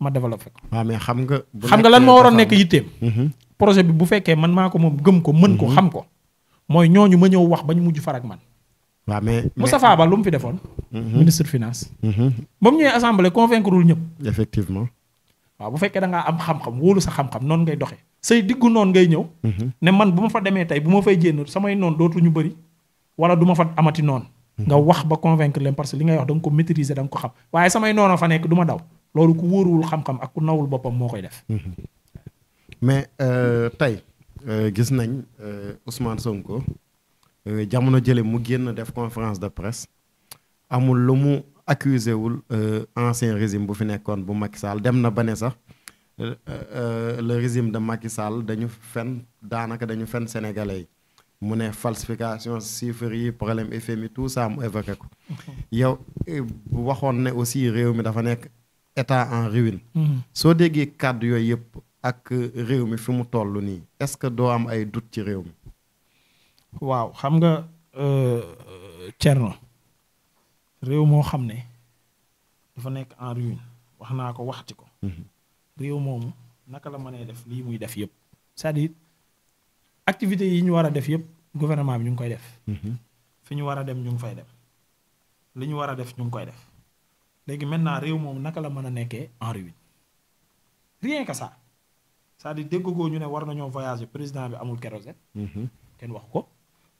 Speaker 1: ma développé ko. waaw mais
Speaker 2: xam nga. xam nga lan moo waroon nekk yitteem. Mhm.
Speaker 1: projet bi bu fekkee man maa ko moom gëm ko mën ko mhm. xam ko mooy ñooñu ma ñëw wax ba ñu mujj farak man waaw mais Moustapha Ba lu mu fi defoon mhm. ministre finance mhm. ba mu ñëwee assemblée convaincre wul ñëpp
Speaker 2: effectivement
Speaker 1: waaw bu fekkee dangaa am xam-xam wóolu sa xam-xam noonu ngay doxe say diggu noon ngay ñëw ne man bu ma fa demee tey bu ma fay jénn samay noonu ñu bëri wala du ma fa amati noon nga wax ba convaincre leen parce que li ngay wax da nga ko maîtriser da nga ko xam waaye fa nekk du ma daw loolu ku wóoruwul xam-xam ak ku nawul boppam moo koy def
Speaker 2: mais euh, tey euh, gis nañ euh, Ousmane Sonko jamono jële mu génn def conférence de presse amul lu mu accusé wul ancien régime bu fi nekkoon bu Macky Sall dem na ba ne sax le régime de Macky Sall dañu fen daanaka dañu fen sénégalais yi mu ne falsification chiffres yi problème FMI tout ça mu évoqué ko. yow waxoon ne aussi réew mi dafa nekk état en ruine. Mm-hmm. soo déggee kàddu yooyu yëpp ak réew mi fi mu toll nii est-ce que doo am ay doute ci réew mi.
Speaker 1: waaw xam nga euh, Thierno réew moo xam ne dafa nekk en ruine wax naa ko waxti ko. Mhm. réew moomu naka la mënee def lii muy def yëpp. cest di dire activités yi ñu war a def yëpp gouvernement bi ñu ngi koy def. Mhm. fi ñu war a dem ñu ngi fay dem li ñu war a def ñu ngi koy def léegi maintenant réew moomu naka la mën a nekkee en ruine rien que ça. c'est-à-dire déggagoo ñu ne war nañoo voyager président bi amul kérosène. Mhm. kenn wax ko.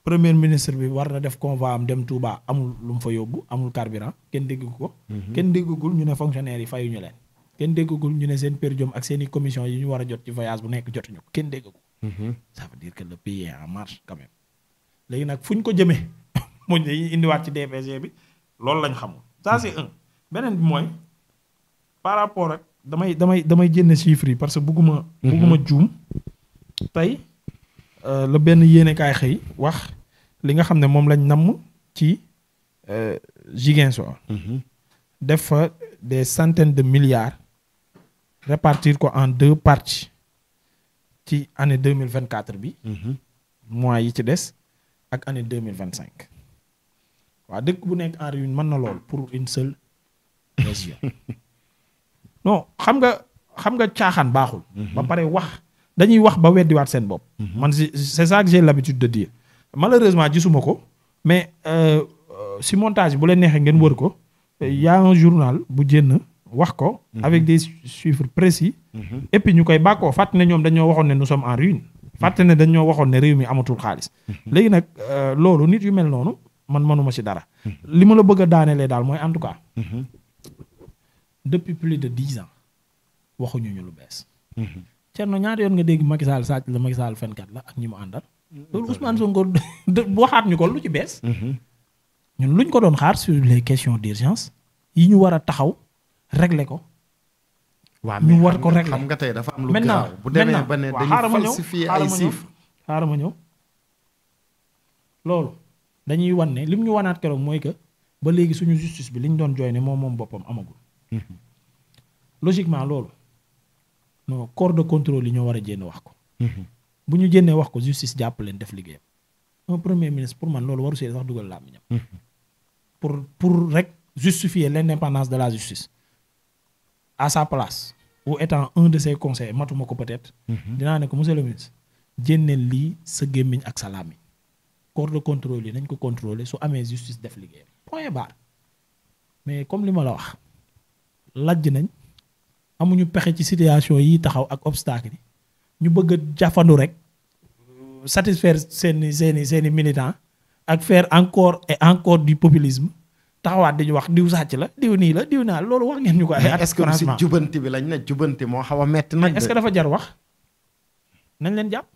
Speaker 1: premier ministre bi war na def convoi am dem Touba amul lu mu fa yóbbu amul carburant kenn dégg ko. Mhm. kenn déggagul ñu ne fonctionnaire yi fayuñu leen. kenn déggul ñu ne seen per diem ak seen i commission yi ñu war a jot ci voyage bu nekk jotuñu ko kenn déggagul. Mhm. ça veut dire que le pays est en marche quand léegi nag fu ñu ko jëmee (laughs) mooy ñu indiwaat ci DPG bi loolu lañ xamul. ça c'est un beneen bi mooy damay damay damay génne chiffres yi parce que bugguma mhm. bugguma juum tey euh, la benn yéenekaay xëy wax li nga xam ne moom lañ namm ci euh, Ziguinchor mhm. def fa des centaines de milliards répartir ko en deux parties ci année deux mille vingt quatre bi mhm. mois yi ci des ak année deux mille vingt cinq waa dëkk bu nekk en réunion mën na lool pour une seule (laughs) région non xam nga xam nga caaxaan baaxul. Mhm. ba pare wax dañuy wax ba waat seen bopp. Mhm. man si c'est ça que l'habitude de dire malheureusement gisuma ko mais euh, si montage bu leen neexee ngeen wër ko y a journal bu jënn wax ko. Mhm. avec des chiffres précis. et puis ñu koy bàkkoo fàtte ne ñoom dañoo waxoon ne nous sommes en ruine. fàtte ne dañoo waxoon ne réew mi amatul xaalis. léegi nag euh, loolu nit yu mel noonu man mënuma ci dara. li ma la bëgg a daanelee daal mooy en tou cas. depuis plus de dix ans waxuñu ñu lu bees. Thierno mhm. ñaata yoon nga dégg Macky Sall sàcc la Macky fenkat la ak ñi mu àndal. Mm-hmm. loolu Ousmane Sonko waxaat ñu ko lu ci bees. Mm-hmm. ñun ñu ko doon xaar sur les questions d'urgence yi ñu war a taxaw régler ko. waaw ñu war ko régler xam nga tey dafa am lu grave bu demee ba ne dañu falsifier ay chiffres xaaral ma ñëw loolu dañuy wan ne lim ñu wanaat keroog mooy que ba léegi suñu justice bi li ñu doon jooy ne moom moom boppam amagul. Mhm. logiquement loolu non corps de contrôle yi ñoo war a jénn wax ko. Mhm. bu ñu jénnee wax ko justice jàpp leen def liggéeyam. un premier ministre pour man loolu waru see sax dugal làmmiñam mhm. pour pour rek justifier l'indépendance de la justice. à sa place ou étant un de ses conseillers matuma ko peut-être. dinaa ne ko monsieur le ministre. jénneel lii sa gémmiñ ak sa làmmiñ corps de contrôle yi nañ ko contrôler su amee justice def liggéeyam point barre mais comme li ma la wax. lajj nañ amuñu pexe ci situation yi taxaw ak obstacle yi ñu bëgg a jafandu rek satisfaire seeni seeni seeni militant ak faire encore et encore du populisme taxawaat di ñu wax diw sàcc la diw nii la diw naa loolu wax ngeen ñu ko ay est-ce que si jubanti moo xaw a metti nag est dafa jar wax nañ leen jàpp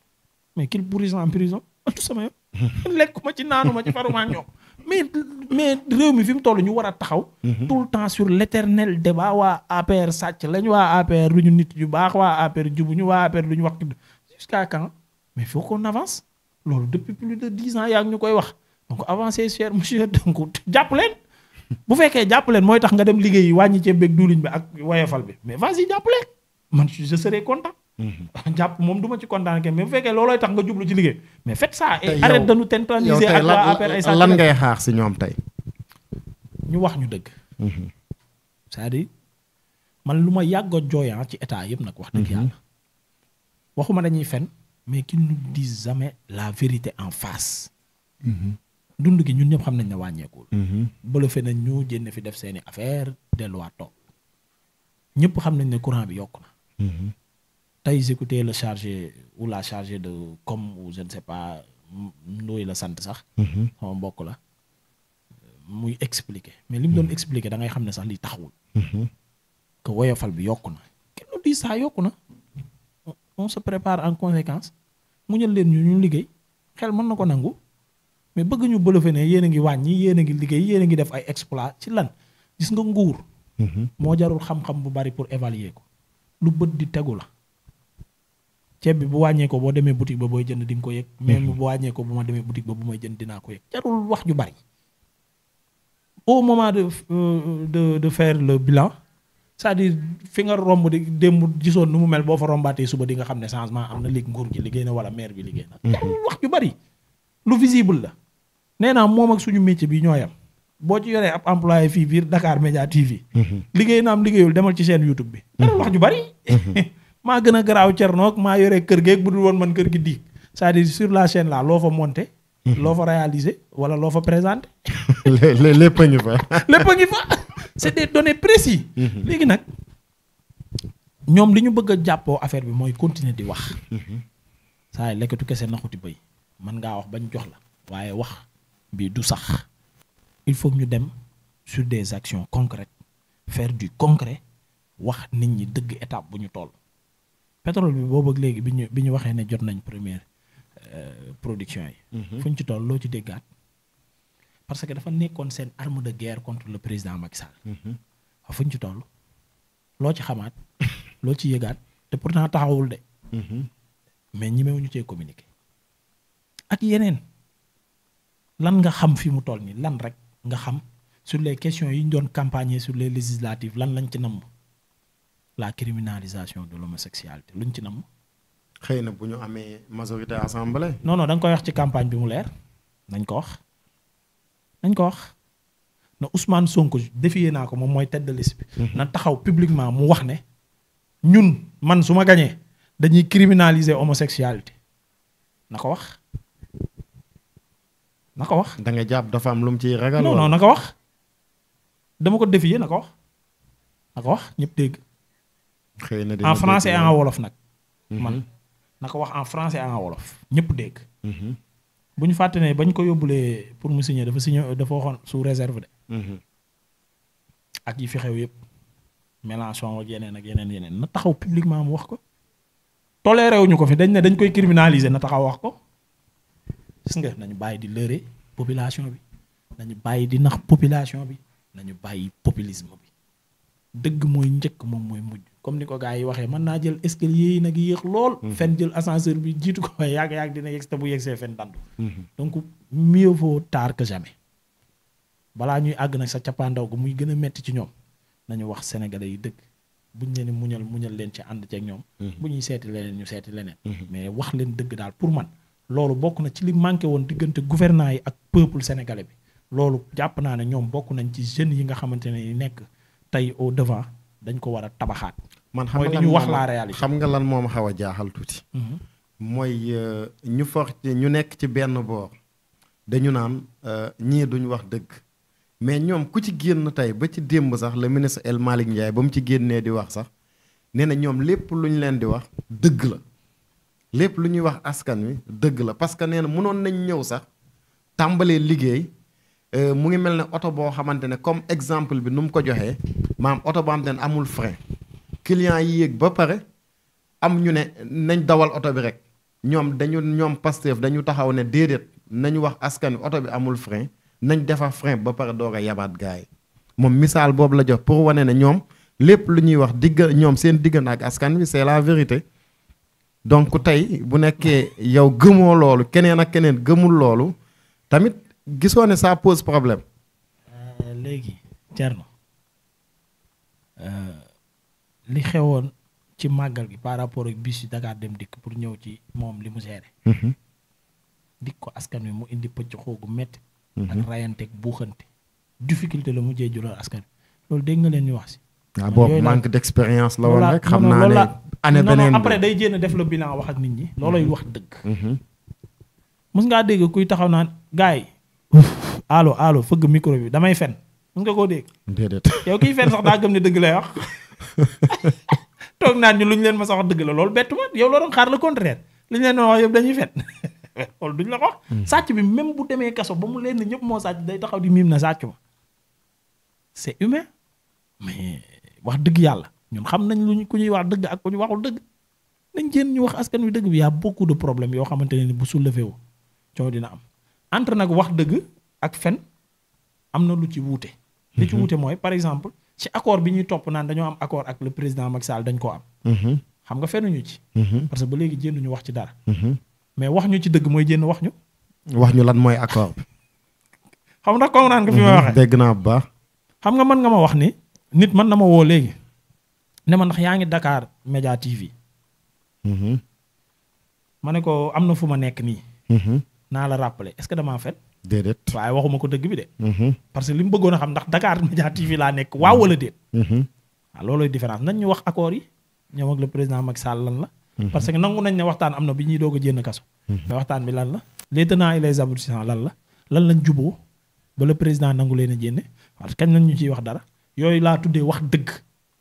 Speaker 1: mais qu'il pourrisse en prison (laughs) sama (laughs) lekkuma ci naanuma ci faruma ñoom mais mais réew mi fi mu toll ñu war a taxaw. Mhm. tout le temps sur l' éternel débat waa APR sàcc lañ waa APR lu ñu nit yu baax waa APR jubuñu waa APR lu ñu wax jusqu'à quand mais faut qu'on avance loolu depuis plus de dix ans yaa ngi ñu koy wax donc avancez cher monsieur donc jàpp leen bu fekkee jàpp leen mooy tax nga dem liggéeyi wàññi ceeb beeg duuliñ bi ak woyofal bi mais vas-y jàpp leen man je content. (laughs) jàpp moom du ma ci kontaan kenn mais bu fekkee loolooy tax nga jublu ci liggéey. mais faites ça et arrête de nous tétaniser ak waa affaire ay. lan ngay xaar si ñoom tey. ñu wax ñu dëgg. Mhm. cest à man lu ma yàgg a ci état yëpp nag wax dëgg mhm. yàlla. waxuma dañuy fen mais ki nous disent jamais la vérité en face. Mhm. dund gi ñun ñëpp xam nañ ne wàññeekul. bëlëfe nañ ñu jénn fi def seeni affaire delluwaat toog ñëpp xam nañ ne courant bi yokk na. tey exécuter le chargé ou la chargée de comme ou je ne sais pas ndooy la sant sax. Mhm. sama mbokk la muy expliquer mais li mu doon mhm. expliquer da ngay xam ne sax li taxawul. Mhm. que woyofal bi yokku na. kenn du di saa yokku na on se prépare en conséquence mu ñël leen ñu ñu liggéey xel mën na ko nangu mais bëgg ñu bëlëfe ne yéen a ngi wàññi yéen a ngi liggéey yéen a ngi def ay exploit ci lan gis nga nguur. moo jarul xam-xam bu bari pour évaluer ko lu bët di tegu la. ceeb bi bu wàññee ko boo demee boutique ba booy jënd di ko yëg mais mm-hmm. bu wàññee ko bu ma demee boutique ba bu may jënd dinaa ko yëg jarul wax ju bari au moment de euh, de fair faire le bilan c'est-à-dire fi nga romb di démb gisoon nu mu mel boo fa rombaatee suba di nga xam ne changement am na léegi nguur gi liggéey na wala maire bi liggéey na mm-hmm. jarul wax ju bari lu visible la nee naa moom ak suñu métier bi ñooyam boo ci yoree ab employé fii biir Dakar Média TV mm-hmm. liggéey na am liggéeyul demal ci seen YouTube bi jarul wax ju (laughs) maa gën a garaaw cernoog maa yore kër geeg bu dul woon man kër gi diig cest à sur la chaîne là loo fa monté. Mhm. loo fa réalisé wala loo fa présenté.
Speaker 2: (laughs) lépp a ngi fa.
Speaker 1: (laughs) lépp a ngi fa c'est des données précises. Mhm. léegi nag ñoom li ñu bëgg a jàppoo affaire bi mooy continuer di wax. saa mhm. yi lekkatu kese naxuti bay man ngaa wax bañ jox la. waaye wax bii du sax. il faut ñu dem sur des actions concrètes faire du concret wax nit ñi dëgg étape bu ñu tool pétrole bi boobu ak léegi bi ñu bi ñu waxee ne jot nañ première euh, production yi. Mhm. fu ñu ci toll loo ci déggaat parce que dafa nekkoon seen arme de guerre contre le président Macky Sall. Mhm. waaw fu ñu ci toll loo ci xamaat (laughs) loo ci yëgaat te pourtant taxawul de. Mhm. mais ñemewuñu cee communiquer. ak yeneen lan nga xam fi mu toll nii lan rek nga xam sur les questions yi ñu doon campagner sur les législatives lan lañu ci namm. la criminalisation de l'homosexualité luñ ci nam xëy na bu ñu amee majorité assemblée. non non da koy wax ci campagne bi mu leer nañ ko wax nañ ko wax na Ousmane Sonko défier naa ko moom mooy tête de liste bi. Mhm. taxaw publiquement mu wax ne ñun man su ma gañee dañuy criminaliser homosexualité na ko wax
Speaker 2: na ko wax. da nga jàpp dafa am lu mu ci
Speaker 1: ragal. non non na ko wax dama ko défier na ko wax na ko wax ñëpp dégg. na en français et en wolof nag. Mhm. man na ko wax en français et en wolof ñëpp dégg. Mhm. bu ñu fàtte ne bañ ko yóbbulee pour mu signer dafa signer dafa waxoon sous réserve de. Mhm. ak yi fi xew yëpp. Mélenchon ak yeneen ak yeneen yeneen na taxaw publiquement mu wax ko. toléré wuñu ko fi dañ ne dañ koy criminaliser na taxaw wax ko. gis nañu bàyyi di lëre population bi nañu bàyyi di nax population bi nañu bàyyi populisme bi dëgg mooy njëkk moom mooy mujj. comme ni ko gars yi waxee mën naa jël escalier yi nag yéex lool. Mhm. fen jël ascenseur bi jiitu ko waaye (laughs) yàgg yàgg dina yegg te bu yegsee fen dandu. Mhm. donc mieux vaut tard que balaa ñuy àgg nag sa cappaandaw gu muy gën a métti ci ñoom nañu wax sénégalais yi dëgg buñ leen muñal muñal leen ci ànd ceeg ñoom. Mhm. bu ñuy seeti leneen ñu seeti leneen. mais wax leen dëgg daal pour man loolu bokk na ci li manqué woon diggante gouvernant yi ak peuple sénégalais bi. loolu jàpp naa ne ñoom bokk nañ ci jeunes yi nga xamante ne nekk tey au devant dañ ko war a tabaxaat. man xam nga ñu wax la réalité
Speaker 2: xam nga lan moom xaw a jaaxal tuuti. Mm-hmm. mooy euh, ñu for ñu nekk ci benn boor dañu naan euh, ñii duñ wax dëgg mais ñoom ku ci génn tey ba ci démb sax la ministre El Malick Ndiaye ba mu ci génnee di wax sax nee na ñoom lépp lu ñu leen di wax dëgg la lépp lu ñuy wax askan wi dëgg la parce que nee na mënoon nañ ñëw sax tàmbalee liggéey. Euh, mu ngi mel ne oto boo xamante ne comme exemple bi nu mu ko joxee maam oto boo xamante amul frein clients yi yéeg ba pare am ñu ne nañ dawal oto bi rek ñoom dañu ñoom Pastef dañu taxaw ne déedéet nañu wax askan oto bi amul frain nañ defar frein ba pare doog a yabaat gars yi moom misaal boobu la jox pour wane ne ñoom lépp lu ñuy wax digga ñoom seen diggante ak askan wi c'est la vérité donc tey bu nekkee yow gëmoo loolu keneen ak keneen gëmul loolu tamit gisoo ne ça pose problème.
Speaker 1: Euh, léegi na li xewoon ci màggal bi par rapport ak bis yi Dakar dem dikk pour ñëw ci moom li mu géré. Mhm. dik ko askan wi mu indi pëcc xoogu métti. Mhm. ak rayanteeg buuxante. difficulté la mu mujjee jural askan wi loolu dégg nga leen ñu wax si. waaw ah boobu manque d'expérience la woon rek xam naa ne année beneen après day jéem a def le bilan wax ak nit ñi. loolooy mhm. wax dëgg. mës ngaa dégg kuy taxaw naan gars yi. allo allo fëgg micro bi damay fen mën nga koo dégg. déedéet (laughs) yow kii sax daa gëm ne dëgg lay wax (laughs) toog naan ñu lu ñu leen ma sax wax dëgg la loolu bett ma yow loo doon xaar le contraire li ñu leen doon wax yëpp dañuy fen (laughs) la ko wax. Hmm. sàcc bi même bu demee kaso ba mu leen ñëpp moo sàcc day taxaw di miim na sàcc ma mais wax dëgg yàlla ñun xam nañ luñ ku ñuy wax dëgg ak ku ñu waxul dëgg nañ jéem ñu wax askan wi dëgg bi y a beaucoup yoo xamante ne bu soulevé wu coow dina am entre nag wax dëgg ak fen am na lu ci wuute.
Speaker 3: li ci mhm. wuute mooy
Speaker 1: par exemple ci accord bi ñuy topp naan dañoo am accord ak le président Macky Sall dañ koo am. Mhm. xam nga fenuñu ci. Mhm. parce que ba léegi jéem ñu wax ci dara. mais wax ñu ci dëgg mooy jéem wax ñu.
Speaker 2: wax ñu lan mooy accord bi.
Speaker 1: (laughs) xam ndax comme naan nga bu baax. xam nga mën nga ma wax ni. nit man na ma woo léegi. ne ma ndax yaa ngi Dakar Media TV. ma ne ko am na fu ma nekk nii. naa la rappeler est-ce que damaa fen déedéet waaye waxuma ko dëgg bi de. Mm-hmm. parce que li mu bëggoon a xam ndax Dakar Media TV laa nekk waaw wala déet. Mm-hmm. waaw loolooy différence nañ ñu wax accord yi ñoom ak le président Macky Sall lan la. Mm-hmm. parce que nangu nañ ne waxtaan am na bi ñuy doog jénn kaso. mais waxtaan bi lan la. les tenants et les aboutissants lan la lan lañ juboo ba président nangu leen a jénne parce que kañ nañ ñu ciy wax dara yooyu laa tuddee wax dëgg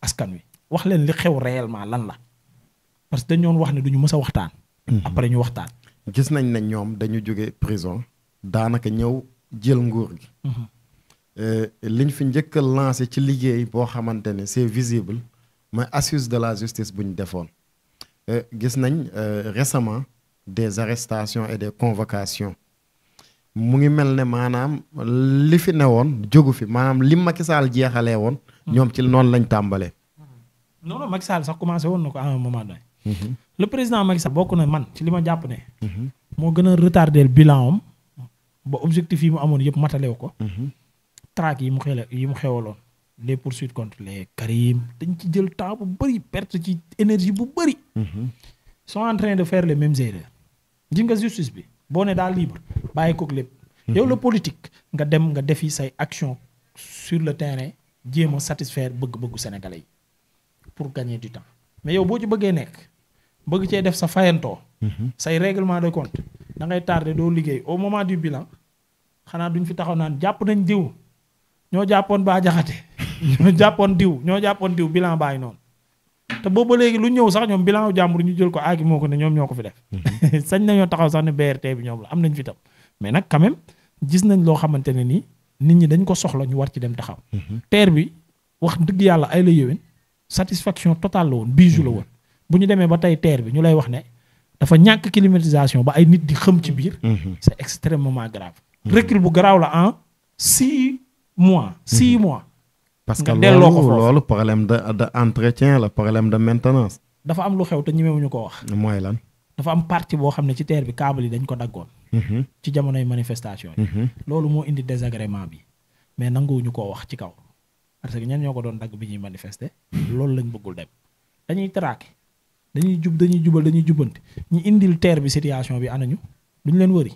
Speaker 1: askan wi wax leen li xew réellement lan la parce que dañu doon wax ne du ñu mës a waxtaan. après ñu waxtaan.
Speaker 2: gis nañ ne ñoom dañu jóge prison. daanaka ñëw jël nguur gi. Mm-hmm. Euh, liñ fi njëkkal a ci liggéey boo xamante ne c'est visible mooy assises de la justice bu ñu defoon. Euh, gis nañ euh, récemment des arrestations et des convocations mu ngi mel ne maanaam li fi woon jógu fi maanaam li Macky Sall jeexalee woon. Mm-hmm. ñoom ci noonu lañ tàmbalee.
Speaker 1: Mm-hmm. non non Macky Sall sax commencé woon na ko à un ma donné. le président Macky bokk na man ci li ma jàpp ne. moo gën a retardé bilan am ba objectif yi mu amoon yëpp matalew ko. Mhm. traque yi mu xeela yi mu xewaloon les poursuites contre les Karim dañ ci jël temps bu bëri perte ci énergie bu bëri. Mhm. sont en de fair le même erreurs. ji nga justice bi boo ne daal libre bàyyi kook lépp. Mhm. yow la politique nga dem nga defi say action sur le terrain jéem a satisfaire bëgg-bëggu Sénégalais yi pour gagner du temps mais yow boo ci bëggee nekk. bëgg cee def sa fayantoo. Mhm. say réglement de compte da ngay tardé doo liggéey au moment du bilan xanaa duñ fi taxaw naan jàpp nañ diw ñoo jàppoon baa jaxate (laughs) ñoo jàppoon diw ñoo jàppoon diw bilan baay noonu te boobu léegi lu ñëw sax ñoom bilan wu jàmbur ñu jël ko aagi ah moo ko ne ñoom ñoo ko fi def mhm. (laughs) sañ nañoo taxaw sax ne BRT bi ñoom la am nañ fi tam mais nag quand gis nañ loo xamante ne nii nit ñi dañ ko soxla ñu war ci dem taxaw mhm. TER bi wax dëgg yàlla ay la yéwén satisfaction totale la woon bijou la bu ñu demee ba tey terre bi ñu lay wax ne dafa ñàkk climatisation ba ay nit di xëm ci biir. Mhm. c'est extrêmement grave. recul bu garaaw la en six mois. six mhm. mois. parce que loolu loolu
Speaker 2: problème de de entretien la problème de maintenance.
Speaker 1: dafa am lu xew te ñemewuñu ko wax. mooy lan. dafa am partie boo xam ne ci terre bi câble yi dañ ko daggoon. Mhm. ci jamonoy manifestation yi. loolu moo indi désagrément bi mais nanguwuñu koo wax ci kaw parce que ñan ñoo ko doon dagg bi ñuy manifester. loolu lañ bëggul dem dañuy traquer. dañuy jub dañuy jubal dañuy jubbanti ñu indil teer bi situation bi anañu duñ leen wari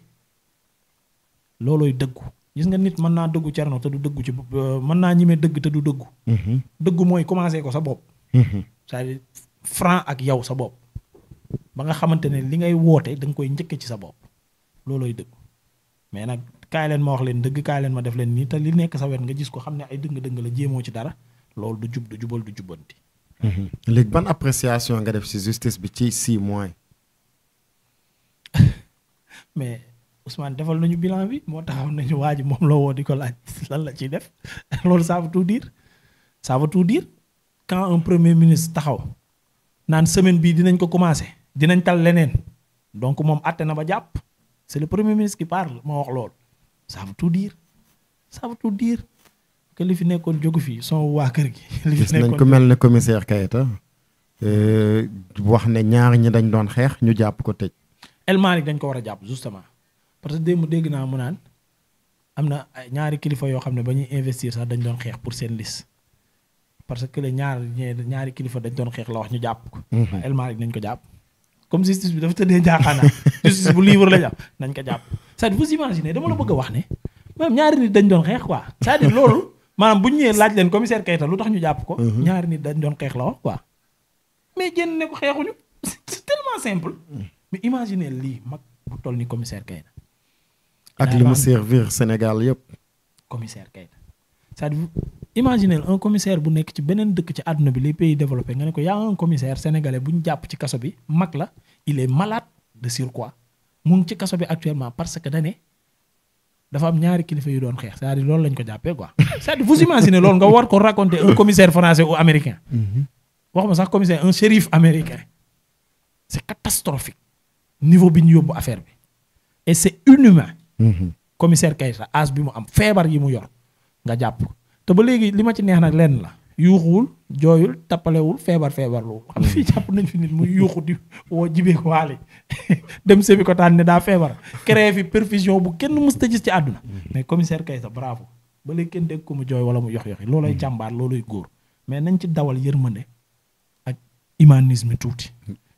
Speaker 1: loolooy dëggu gis nga nit mën naa dëggu cerno te du dëggu ci bopp euh, mën naa ñime dëgg te du dëggu mm-hmm. dëggu mooy commencé ko sa bopp mm-hmm. cest à ak yow sa bopp ba nga xamante ne li ngay woote da nga koy njëkk ci sa bopp loolooy dëggu mais nag kaay leen ma wax leen dëgg kaay leen ma def leen nii te li nekk sa wet nga gis ko xam ne ay dëng-dëng la jéemoo ci dara loolu du jub jubal du jubbanti
Speaker 2: Mm-hmm. léegi ban appréciation nga def ci justice bi ci six mois.
Speaker 1: (laughs) mais Ousmane defal nañu bilan bi moo taxaw nañu waa ji moom la woo di ko laaj (laughs) lan la ciy def (laughs) loolu ça veut tout dire ça tout dire quand un premier ministre taxaw naan semaine bii dinañ ko commencé dinañ tal leneen donc moom àtte na ba jàpp c'est le premier ministre qui parle moo wax loolu ça veut tout dire que li fi nekkoon jógu fii son waa kër gi. (laughs) li fi nekkoon gis nañ ko mel
Speaker 2: ne commissaire Kayita euh, wax ne ñaar ñi dañ doon xeex ñu jàpp ko tëj.
Speaker 1: El Malick dañ ko war a jàpp justement parce que démb dégg naa mu naan am na ñaari kilifa yoo xam ne ba ñuy investir sax dañ doon xeex pour seen liste parce que le ñaar ñaari kilifa dañ doon xeex la wax ñu jàpp ko. Mhm. El dañ ko jàpp. comme justice bi dafa tëddee jaaxaana (laughs) justice bu libre la jàpp dañ ko jàpp c'est-à-dire vous imaginez dama la bëgg a wax ne même ñaari nit dañ doon xeex quoi c'est-à-dire loolu. maanaam bu ñu ñëwee laaj leen commissaire Keita lu tax ñu jàpp ko. Mhm. ñaari nit dañ doon xeex la wax quoi. mais génn ne ko xeexuñu (laughs) c'est tellement simple. Mhm. mais imaginez lii mag bu toll ni commissaire Keita.
Speaker 2: ak li mu servir Sénégal yëpp.
Speaker 1: commissaire Keita c'est-à-dire imaginez un commissaire bu nekk ci beneen dëkk ci àdduna bi les pays développés nga ne ko yaa un commissaire sénégalais bu ñu jàpp ci kaso bi mag la il est malade de surcroît mu ngi ci kaso bi actuellement parce que dañ dafa am ñaari kilifa yi doon xeex c'est-à-dire lañ ko jàppee quoi c'est-à-dire vous imaginez loolu nga war ko raconter un commissaire français ou américain mm-hmm. ma sax commissaire un shérif américain c'est catastrophique niveau bi ñu yóbbu affaire bi et c'est inhumain mm-hmm. commissaire Keïta âge bi mu am feebar yi mu yor nga jàpp te ba léegi li ma ci neex nag lenn la yuuxuwul jooyul tappalewul feebar feebar feebarluwul (laughs) xam fii jàpp nañ fi nit muy yuuxu di woo jibeeku waale (laughs) dem sebi ko taan ne daa feebar créé fi perfusion bu kenn mësta gis ci àdduna mm-hmm. mais commissaire Kaysa bravo ba léegi kenn dégg ko mu jooy wala mu yox yoxi loolay mm-hmm. jàmbaar loolay góor mais nañ ci dawal yërmande ak humanisme tuuti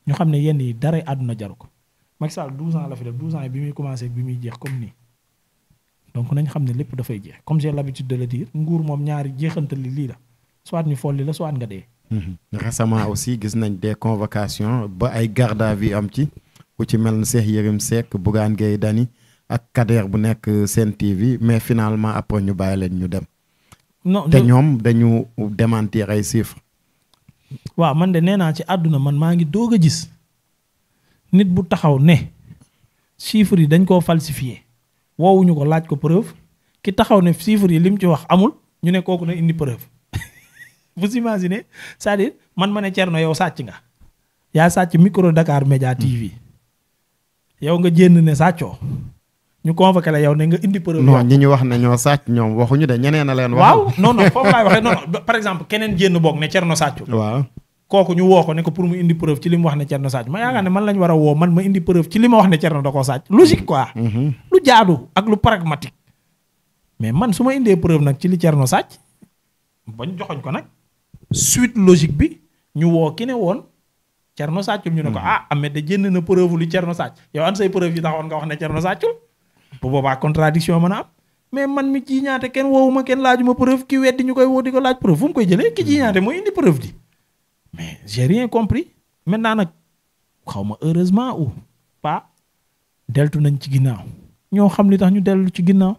Speaker 1: ñu xam ne yenn yi dara àdduna jaru ko Macky Sall 12 ans la fi def 12 ans yi bi muy commencé bi muy jeex comme nii donc nañ xam ne lépp dafay jeex comme j'ai l'habitude de le dire nguur moom ñaari jeexantal li lii soit ñu folli la soit nga dee.
Speaker 2: Mm-hmm. récemment aussi gis nañ des convocations ba ay garde à am ci ku ci mel ne Cheikh Yérim Seck Bougane Gueye Dany ak Kader bu nekk Sen TV mais finalement après ñu bàyyi leen ñu dem.
Speaker 1: non te ñoom
Speaker 2: dañu démentir ay chiffres.
Speaker 1: waaw man de nee naa ci àdduna man maa ngi doog a gis nit bu taxaw ne chiffres yi dañ koo falsifié woowuñu ko laaj ko preuve ki taxaw ne chiffres yi lim ci wax amul ñu ne kooku na indi preuve. vous imaginez c'est-à-dire man ma ne Thierno yow sàcc nga yaa sàcc micro Dakar Média TV yow nga jénn ne sàccoo ñu convoqué la yow ne nga indi preuve non
Speaker 2: ñi ñu wax ne ñoo sàcc ñoom
Speaker 1: waxuñu de ñeneen a leen wax waaw non non foofu laay waxee non non par exemple keneen jénn boog ne Thierno sàccu kooku ñu woo ko ne ko pour mu indi preuve ci li mu wax ne Thierno sàcc ma yaakaar ne man lañ war a woo man ma indi preuve ci li ma wax ne Thierno da koo sàcc logique quoi mm-hmm. lu jaadu ak lu pragmatique mais man su ma indee preuve nag ci li Thierno sàcc bañ joxoñ ko nag suite logique bi ñu woo ki ne woon Thierno sàccul ñu ne ko hmm. ah Ahmed da jënd na preuve lu Thierno sàcc yow an say preuve yi taxoon nga wax ne Thierno sàccul bu boobaa contradiction mën a am mais man mi ci ñaate kenn woowuma kenn laajuma preuve ki weddi ñu koy woo di ko laaj preuve mu koy jëlee ki ci hmm. ñaate mooy indi preuve di mais j'ai rien compris maintenant nag xaw ma heureusement ou pas deltu nañ ci ginnaaw ñoo xam li tax ñu dellu ci ginnaaw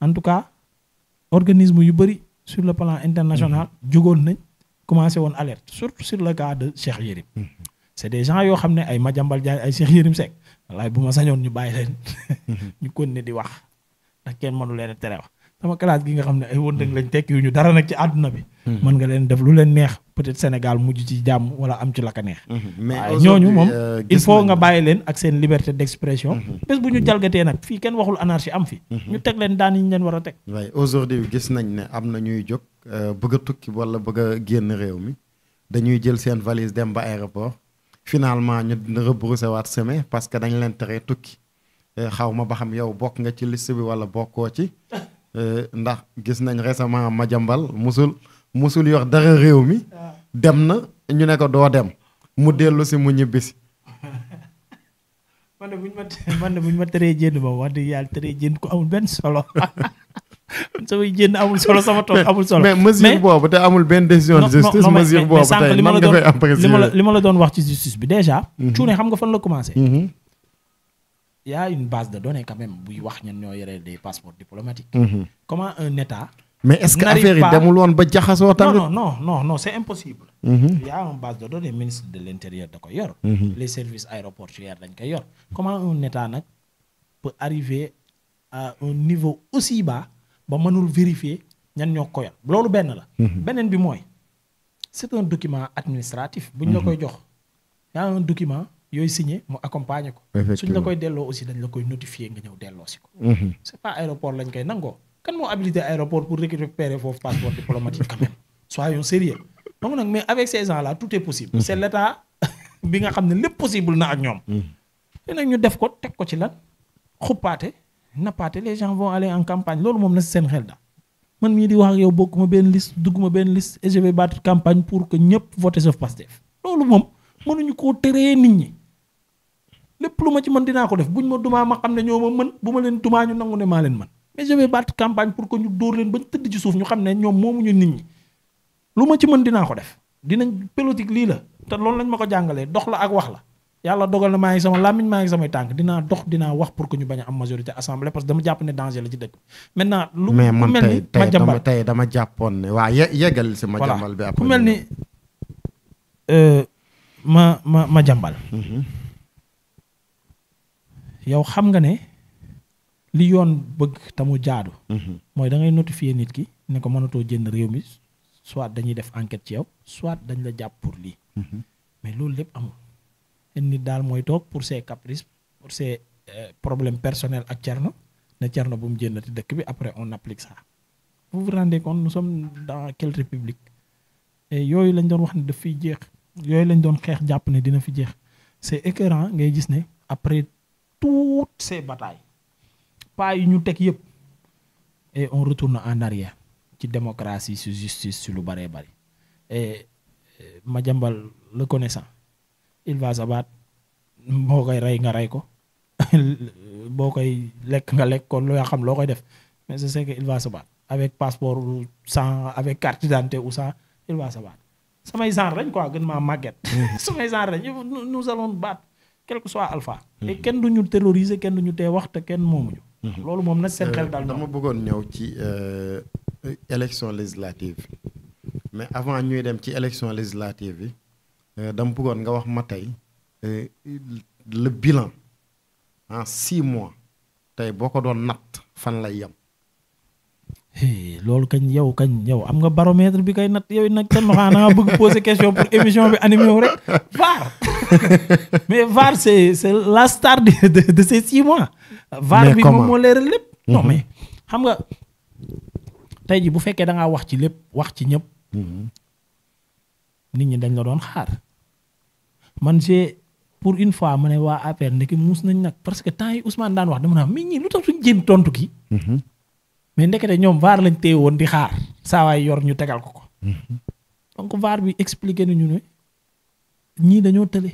Speaker 1: en tout cas organism yu bëri sur le plan international hmm. jógoon nañ commencé woon alerte surtout sur le cas de Cheikh Yérim. Mm-hmm. c' est des gens yoo xam ne ay Madiambal Diagne ay Cheikh Yérim Seck wallaay bu ma sañoon ñu bàyyi leen mm-hmm. (laughs) ñu continuer di wax ndax kenn mënu a tere wax sama classe gi nga xam ne ay wëndëng lañ tekki yu ñu dara nag ci àdduna bi. Mm-hmm. mën nga leen def lu leen neex peut-être Sénégal mujj ci jàmm wala am ci la ka neex. mais ñooñu moom euh, il faut nga bàyyi leen ak seen liberté d'expression. bés bu ñu jalgatee nag fi.
Speaker 2: a Euh, bëgg tukki wala bëgg a génn réew mi dañuy jël seen valise dem ba aéroport finalement ñu rebrousser waat chemin parce que dañ leen tere tukki euh, xaw ma ba xam yow bokk nga ci list bi wala bokkoo ci euh, ndax gis nañ récemment Madiambal musul musul yor dara réew mi dem na ñu ne ko doo dem mu dellu si mu ñibbisi
Speaker 1: (laughs) man de bu ñu ma teree jënd ba wax dëgg yàlla teree jënd ko amul benn solo (laughs) samay jënd amul solo sama toog amul solo. mais mesure
Speaker 2: boobu te amul benn décision de justice. mesure boobu tey nan nga
Speaker 1: li ma la doon wax ci justice bi déjà. Mhm. cuune xam nga fan la commencé. Mhm. y a une base de données quand même buy wax ñun ñoo yore des passeports diplomatiques. Mhm. comment un état. mais est-ce que affaire yi demul woon ba jaxasoo tamit. non non non non c'est impossible. y a une base de données ministre de l'intérieur da koy yor. les services aéroportuaires ba mënul vérifier ñan ñoo ko yor loolu benn la. Mhm. beneen bi mooy c'est un document administratif. buñ la mhm. koy jox y a yooyu signé mu accompagner ko. suñ la koy delloo aussi dañ la koy notifier nga ñëw delloo si ko. Mhm. c'est pas aéroport lañ koy nangoo. kan moo habilité aéroport pour récupérer foofu passeport diplomatique quand même (laughs) soyons sérieux donc nag mais avec ces gens là tout est possible. c'est l'état (laughs) bi nga xam ne lépp possible na ak ñoom. te nag ñu def ko teg ko ci lan xuppaate. nappaate les gens vont aller en campagne loolu moom na si seen xel da man mii di wax ak yow bokkuma benn liste dugguma benn liste et je vais battre campagne pour que ñëpp voté sauf Pastef loolu moom mënuñu koo teree nit ñi lépp lu ma ci mën dinaa ko def buñ ma dumaa ma xam ne ñoo ma mën bu ma leen dumaa ñu nangu ne maa leen man mais je vais battre campagne pour que ñu dóor leen bañ tëdd ci suuf ñu xam ne ñoom moomuñu nit ñi lu ma ci mën dinaa ko def dinañ politique lii la te loolu lañ ma ko jàngalee dox la ak wax la yàlla dogal na maa ngi sama làmmiñ maa ngi samay tànk dinaa dox dinaa wax pour que ñu bañ a am majorité assemblée parce que dama jàpp ne danger la ci dëkk maintenant lu mais man tey tey dama
Speaker 2: tey dama jàppoon ne waa ye yeggal ma jàmbal bi
Speaker 1: mel ni euh, ma ma ma jàmbal mhm. yow xam nga ne li yoon bëgg te mu jaadu mhm. mooy da ngay notifier nit ki ne ko mënatoo jënd réew mi soit dañuy def enquête ci yow soit dañ la jàpp pour lii mhm. mais loolu lépp amul nit daal mooy toog pour ses caprices pour ses euh, problèmes personnels ak Thierno ne Thierno bu mu jëndati dëkk bi après on applique ça vous vous rendez compte nous sommes dans quelle république yooyu lañ doon wax ni daf fi jeex yooyu lañ doon xeex jàpp ne dina fi jeex c'est écœurant ngay gis ne après toutes ces batailles pas yi ñu teg yëpp et on retourne en arrière ci démocratie ci justice ci lu bëree bëri et euh, Madiambal le connaissant il va s'abattre boo koy rey nga rey ko (laughs) boo koy lekk nga lekk ko loo xam loo koy def mais c'est que il va s'abattre avec passeport sans avec carte d'identité ou sans il va s'abattre samay genre lañ quoi gën maa màgget. (laughs) samay genre dañ nous allons battre quel que soit alpha. Hmm. te kenn du ñu terroriser kenn du ñu tee wax te kenn moomuñu. Hmm. loolu moom na seen xel euh, dal dama
Speaker 2: bëggoon ñëw ci euh, élection législative mais avant ñuy dem ci élection législative bi. Euh, dam bëggoon nga wax ma tey euh, le bilan en mois tey boo ko doon nat fan lay yem.
Speaker 1: loolu kañ yow kañ yow am nga baromètre bi kay natt yow nag kenn xanaa nga bëgg poser question pour émission bi animé wu rek VAR (laughs) mais VAR c'est la star de de ces six mois. VAR bi moom moo leeral lépp. non mm-hmm. xam nga tey ji bu fekkee danga wax ci lépp wax ci ñëpp. Mm-hmm. nit ñi dañ la doon xaar. man j'ai pour une fois ma ne waa APR ndeke muus nañ nag parce que temps yi Ousmane daan wax dama naa ah, mais ñii lu tax suñ ki mm-hmm. mais ndekete ñoom vaar lañ téye woon di xaar saawaay yor ñu tegal ko ko mm-hmm. donc bi expliqué nañu ne ñii dañoo tële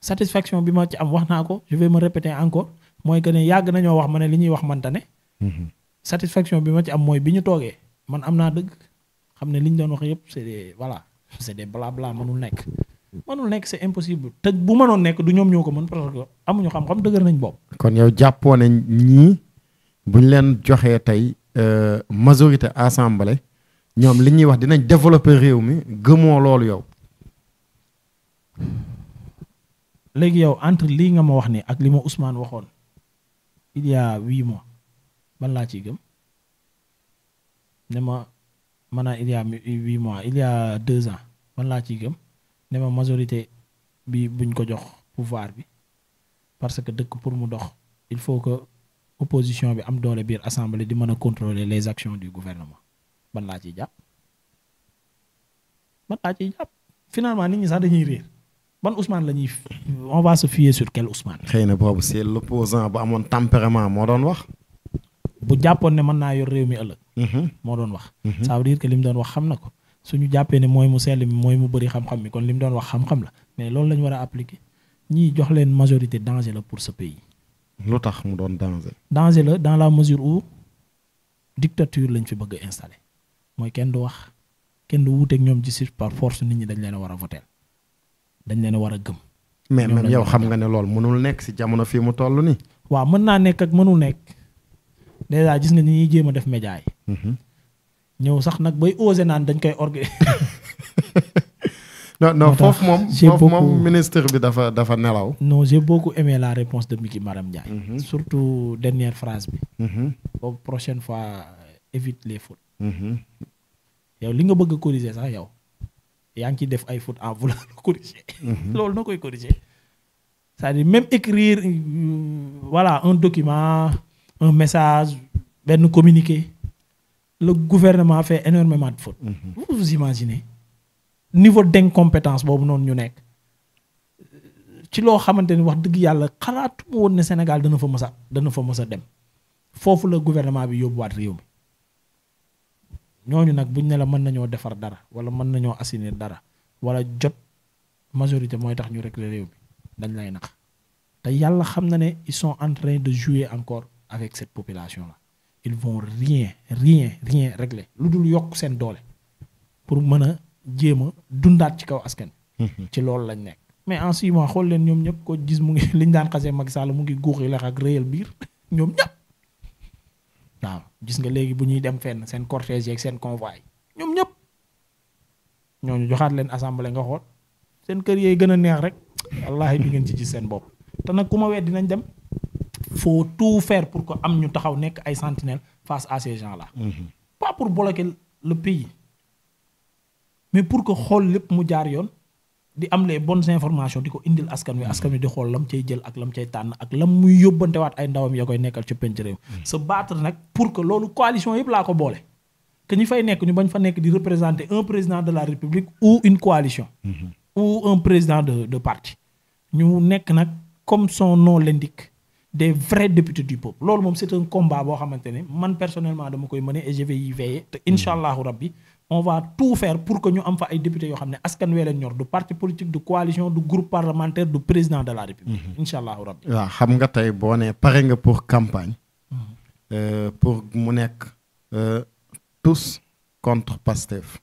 Speaker 1: satisfaction bi ma ci am wax naa ko je vais me répéter encore mooy ne yàgg nañoo wax ma ne li ñuy wax manta ne mm-hmm. satisfaction bi ma ci am mooy bi ñu toogee man am naa dëgg xam ne li ñu doon wax yëpp c'est des voilà c'est des blabla mënul nekk mënul nekk c'est impossible te bu mënoon nekk du ñoom ñoo ko mën parce que amuñu xam-xam dëgër nañ bopp.
Speaker 2: kon yow jàppoo ne ñii buñ leen joxee tey euh, majorité assemblée ñoom li ñuy wax dinañ développer réew mi gëmoo loolu yow.
Speaker 1: léegi yow entre lii nga ma wax nii ak li ma Ousmane waxoon il y a huit mois ban laa ciy gëm ne ma maanaam il y a mois il y a deux ans ban laa ci gëm. ne ma majorité bi buñ ko jox pouvoir bi parce que dëkk pour mu dox il faut que opposition bi am doole biir assemblée di mën a contrôler les actions du gouvernement ban laa ciy jàpp ban laa ciy jàpp finalement nit ñi sax dañuy réer ban Ousmane la ñuy
Speaker 2: on va se sur quel Ousmane. xëy na boobu c'est
Speaker 1: l'opposant bu amoon tempérament moo doon wax. bu jàppoon ne mën naa yor réew mi ëllëg. Mhm. moo doon wax. Mhm. ça veut dire que doon wax xam na ko. suñu jàppee ne mooy mu sell mi mooy mu bëri xam-xam mi kon li mu doon wax xam-xam la mais loolu la war a appliquer ñii jox leen majorité danger la pour ce pays.
Speaker 2: lu tax mu doon danger.
Speaker 1: danger la dans la mesure où dictature lañ fi bëgg a installer mooy kenn du wax kenn du wuuteeg ñoom ci par force nit ñi dañ leen a war a voter dañ leen a war a gëm. mais même yow xam
Speaker 2: nga ne loolu mënul nekk si jamono fii mu toll nii.
Speaker 1: waaw mën naa nekk ak mënul nekk dèjà gis nga ni ñuy jéem a def média yi. Mm-hmm. ñëw sax nag bay osé naan dañ koy org (laughs) non non foofu moom foofu moom ministre bi dafa dafa nelaw. no j'ai beaucoup aimé la réponse de Miki Maram Ndiaye. Mm surtout dernière phrase bi. Mm prochaine fois évite les fautes. Mhm. yow li nga bëgg a corriger sax yow yaa ngi ciy def ay fautes en vouloir corriger. Mhm. (laughs) loolu noo koy corriger c'est-à-dire écrire euh, voilà un document un message benn communiqué. le gouvernement fait énormément de fautes. Mm -hmm. vous vous imaginez niveau d'incompétence boobu noonu ñu nekk ci loo xamante ni wax dëgg yàlla xalaatuma woon ne Sénégal dana fa mës a dana fa mës a dem foofu la gouvernement bi yóbbuwaat réew mi ñooñu nag buñ ne la mën nañoo defar dara wala mën nañoo assainir dara wala jot majorité mooy tax ñu régler réew mi dañ lay nax te yàlla xam na ne ils sont en de jouer encore avec cette population la ils vont rien rien rien régler lu dul yokk seen doole pour mën a jéem a dundaat ci kaw askan mhm. ci loolu lañ nekk mais en six xool leen ñoom ñëpp ko gis mu ngi (laughs) liñ daan xasee Macky Sall mu ngi guux yi lax ak réyal biir (laughs) ñoom ñëpp waaw gis nga léegi bu ñuy dem fenn seen cortège yeeg seen convoi ñoom ñëpp ñooñu joxaat leen assemblée nga xool seen kër yee gën a neex rek wallaahi bi ngeen ci gis seen bopp te nag ku ma wet dinañ dem faut tout faire pour que am ñu taxaw nekk ay sentinelles face à ces gens là. Mhm. pas pour bloquer le pays mais pour que xool lépp mu jaar yoon di am les bonnes information di ko indil askan wi mhm. askan wi di xool la lam cay jël ak mu cay tànn ak lam muy yóbbantewaat ay ndawam yoo koy nekkal ci penc réew mhm. se nag pour que loolu coalition yëpp laa ko boole. que ñi fay nekk ñu bañ fa nekk di représenter un président de la république ou une coalition. ou un président de de parti. ñu nekk nag comme son nom l'indique de vrais députés du peuple loolu moom c'est un combat boo xamante ne man personnellement dama koy mener et je vais y veiller te hmm. incha allahu rabbi on va tout faire pour que ñu am fa ay députés yoo xam ne askan wee leen ñor du parti politique du coalition du groupe parlementaire du président de la république hmm. incha allahu rabbi
Speaker 2: waaw xam nga tey boo ne pare nga pour campagne hmm.
Speaker 1: euh, pour mu nekk euh,
Speaker 2: tous contre Pastef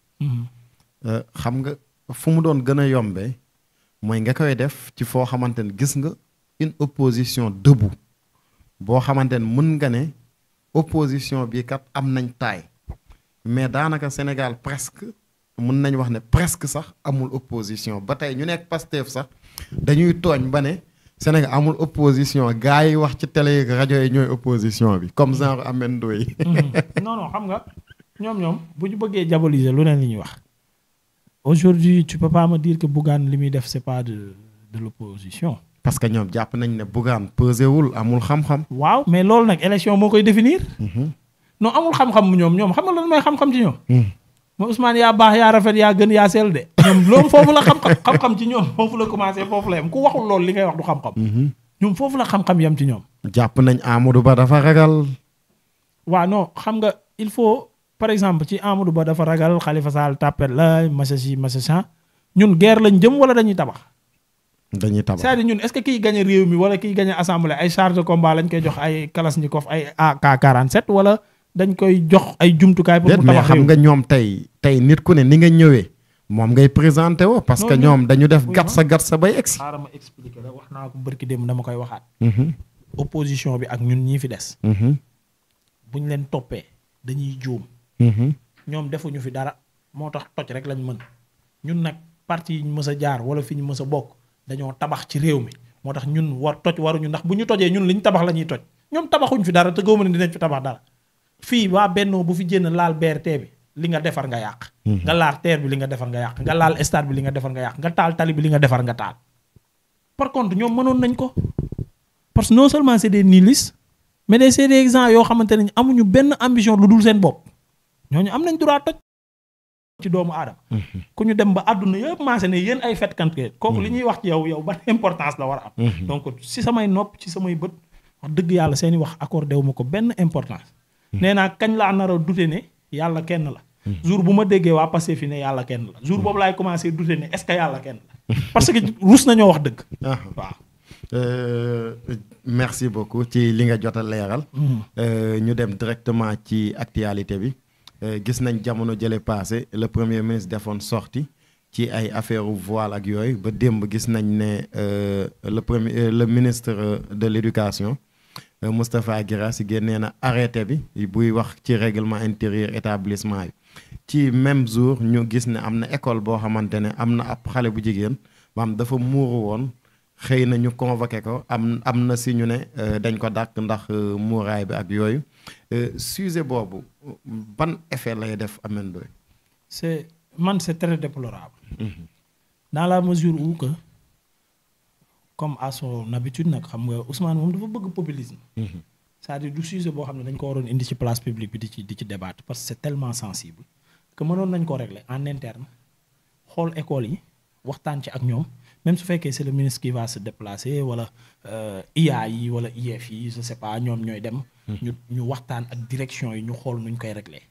Speaker 2: euh, xam nga fu mu doon gën a yombee mooy nga koy def ci foo xamante ne gis nga une opposition debout boo xamante ne mën nga ne opposition bi kat am nañ taay mais daanaka Sénégal presque mun nañ wax ne presque sax amul opposition ba tey ñu nekk Pastef sax dañuy tooñ ba ne Sénégal amul opposition gars yi wax ci télé yi rajo yi ñooy opposition bi comme genre Ameth Ndoye
Speaker 1: mhm. non non xam nga ñoom ñoom bu ñu bëggee diaboliser lu ne li ñuy wax aujourd'hui ci peux ma me dire que li muy def c'est pas de l'opposition
Speaker 2: parce que ñoom jàpp nañ ne Bougane pesé wul amul xam-xam.
Speaker 1: waaw mais loolu nag élection moo koy définir. Mhm. no amul xam-xam ñoom ñoom xam nga loolu mooy xam-xam ci ñoom. Mhm. mooy Ousmane yaa baax yaa rafet yaa gën yaa seel de. ñoom (laughs) foofu la xam-xam xam ci ñoom foofu la commencé foofu la yem waxul loolu li ngay wax du xam mhm. ñoom foofu la xam-xam ci ñoom. jàpp nañ Amadou Ba dafa ragal. waaw no xam nga il faut par exemple ci Amadou Ba dafa ragal Khalifa Sall tàppet la macha si macha ñun guerre lañ jëm wala dañuy tabax.
Speaker 2: dañuy tabax c'est-à-dire
Speaker 1: ñun est-ce que kiy gagné réew mi wala kiy gagné assemblée ay charge de lañ koy jox ay kalachnikov ay AK-47 wala dañ koy jox ay jumtukaay. pour mu tabax réew xam nga
Speaker 2: ñoom tey tey nit ku ne ni nga ñëwee. moom ngay présenté woo parce que ñoom dañu def gat sa gat sa bay
Speaker 1: egsi. xaaral ma wax naa ko barki démb dama koy waxaat. Mhm. opposition bi ak ñun ñii fi des. Mhm. buñ leen toppee dañuy juum. Mhm. ñoom defuñu fi dara moo tax toj rek lañ mën ñun nag parti yi ñu mës a jaar wala fi ñu mës a bokk. dañoo tabax ci réew mi moo tax ñun war toj waruñu ndax bu ñu tojee ñun li ñu tabax la ñuy toj ñoom tabaxuñ fi dara te gëwma ne dinañ fi tabax dara fii waa bennoo bu fi jénn laal BRT bi li nga defar nga yàq hmm. nga laal teer bi li nga defar nga yàq nga laal stade bi li nga defar nga yàq nga taal tali bi li nga defar nga taal par contre ñoom mënoon nañ ko parce que non seulement c'est des nihilistes mais c'est des gens yoo xamante ne amuñu benn ambition lu dul seen bopp ñooñu am nañ droit toj ci doomu aadama mhm. ku ñu dem ba àdduna yëpp maase ne yéen ay fetkat ngeen kooku mhm. li ñuy wax ci yow yow ban (laughs) importance la war a am mhm. donc si samay nopp ci samay bët wax dëgg yàlla seeni wax accordé wu ma ko benn importance nee naa kañ laa nar a dute ne yàlla kenn la jour bu ma déggee waa passé fi ne yàlla kenn la jour boobu laay commencé dute ne est yàlla kenn la (laughs) parce que ruus nañoo wax dëgg ah.
Speaker 2: waaw Euh, merci beaucoup ci li nga jotal a leeral. Euh, ñu dem directement ci actualité bi. Euh, gis nañ jamono jële passé le premier ministre defoon sorti ci ay affaire voile ak yooyu ba démb gis nañ ne euh, le premier euh, le ministre de l'éducation Moustapha Guirassy génnee na arrêté bi buy wax ci règlement intérieur établissement yi ci même jour ñu gis ne am na école boo xamante ne am na ab xale bu jigéen maam dafa muuru woon xëy nañu ñu ko am am na si ñu ne dañ ko dàq ndax muuraay bi ak yooyu Euh, sujet boobu ban effet lay def Ameth Ndoye
Speaker 1: c'est man c'est très déplorable mhm. dans la mesure où que comme à son habitude nag xam nga Ousmane moom dafa bëgg populisme mhm. c'est-à-dire du sujet boo xam ne dañ ko waroon indi ci place publique bi di ci di ci débattre parce que c'est tellement sensible que mënoon nañ ko regle en interne xool école yi waxtaan ci ak ñoom même su fekkee c'est le ministre qui va déplacer wala euh, IA yi wala IEF yi je sais pas ñoom ñooy dem ñu ñu waxtaan ak direction yi ñu xool nuñ koy régler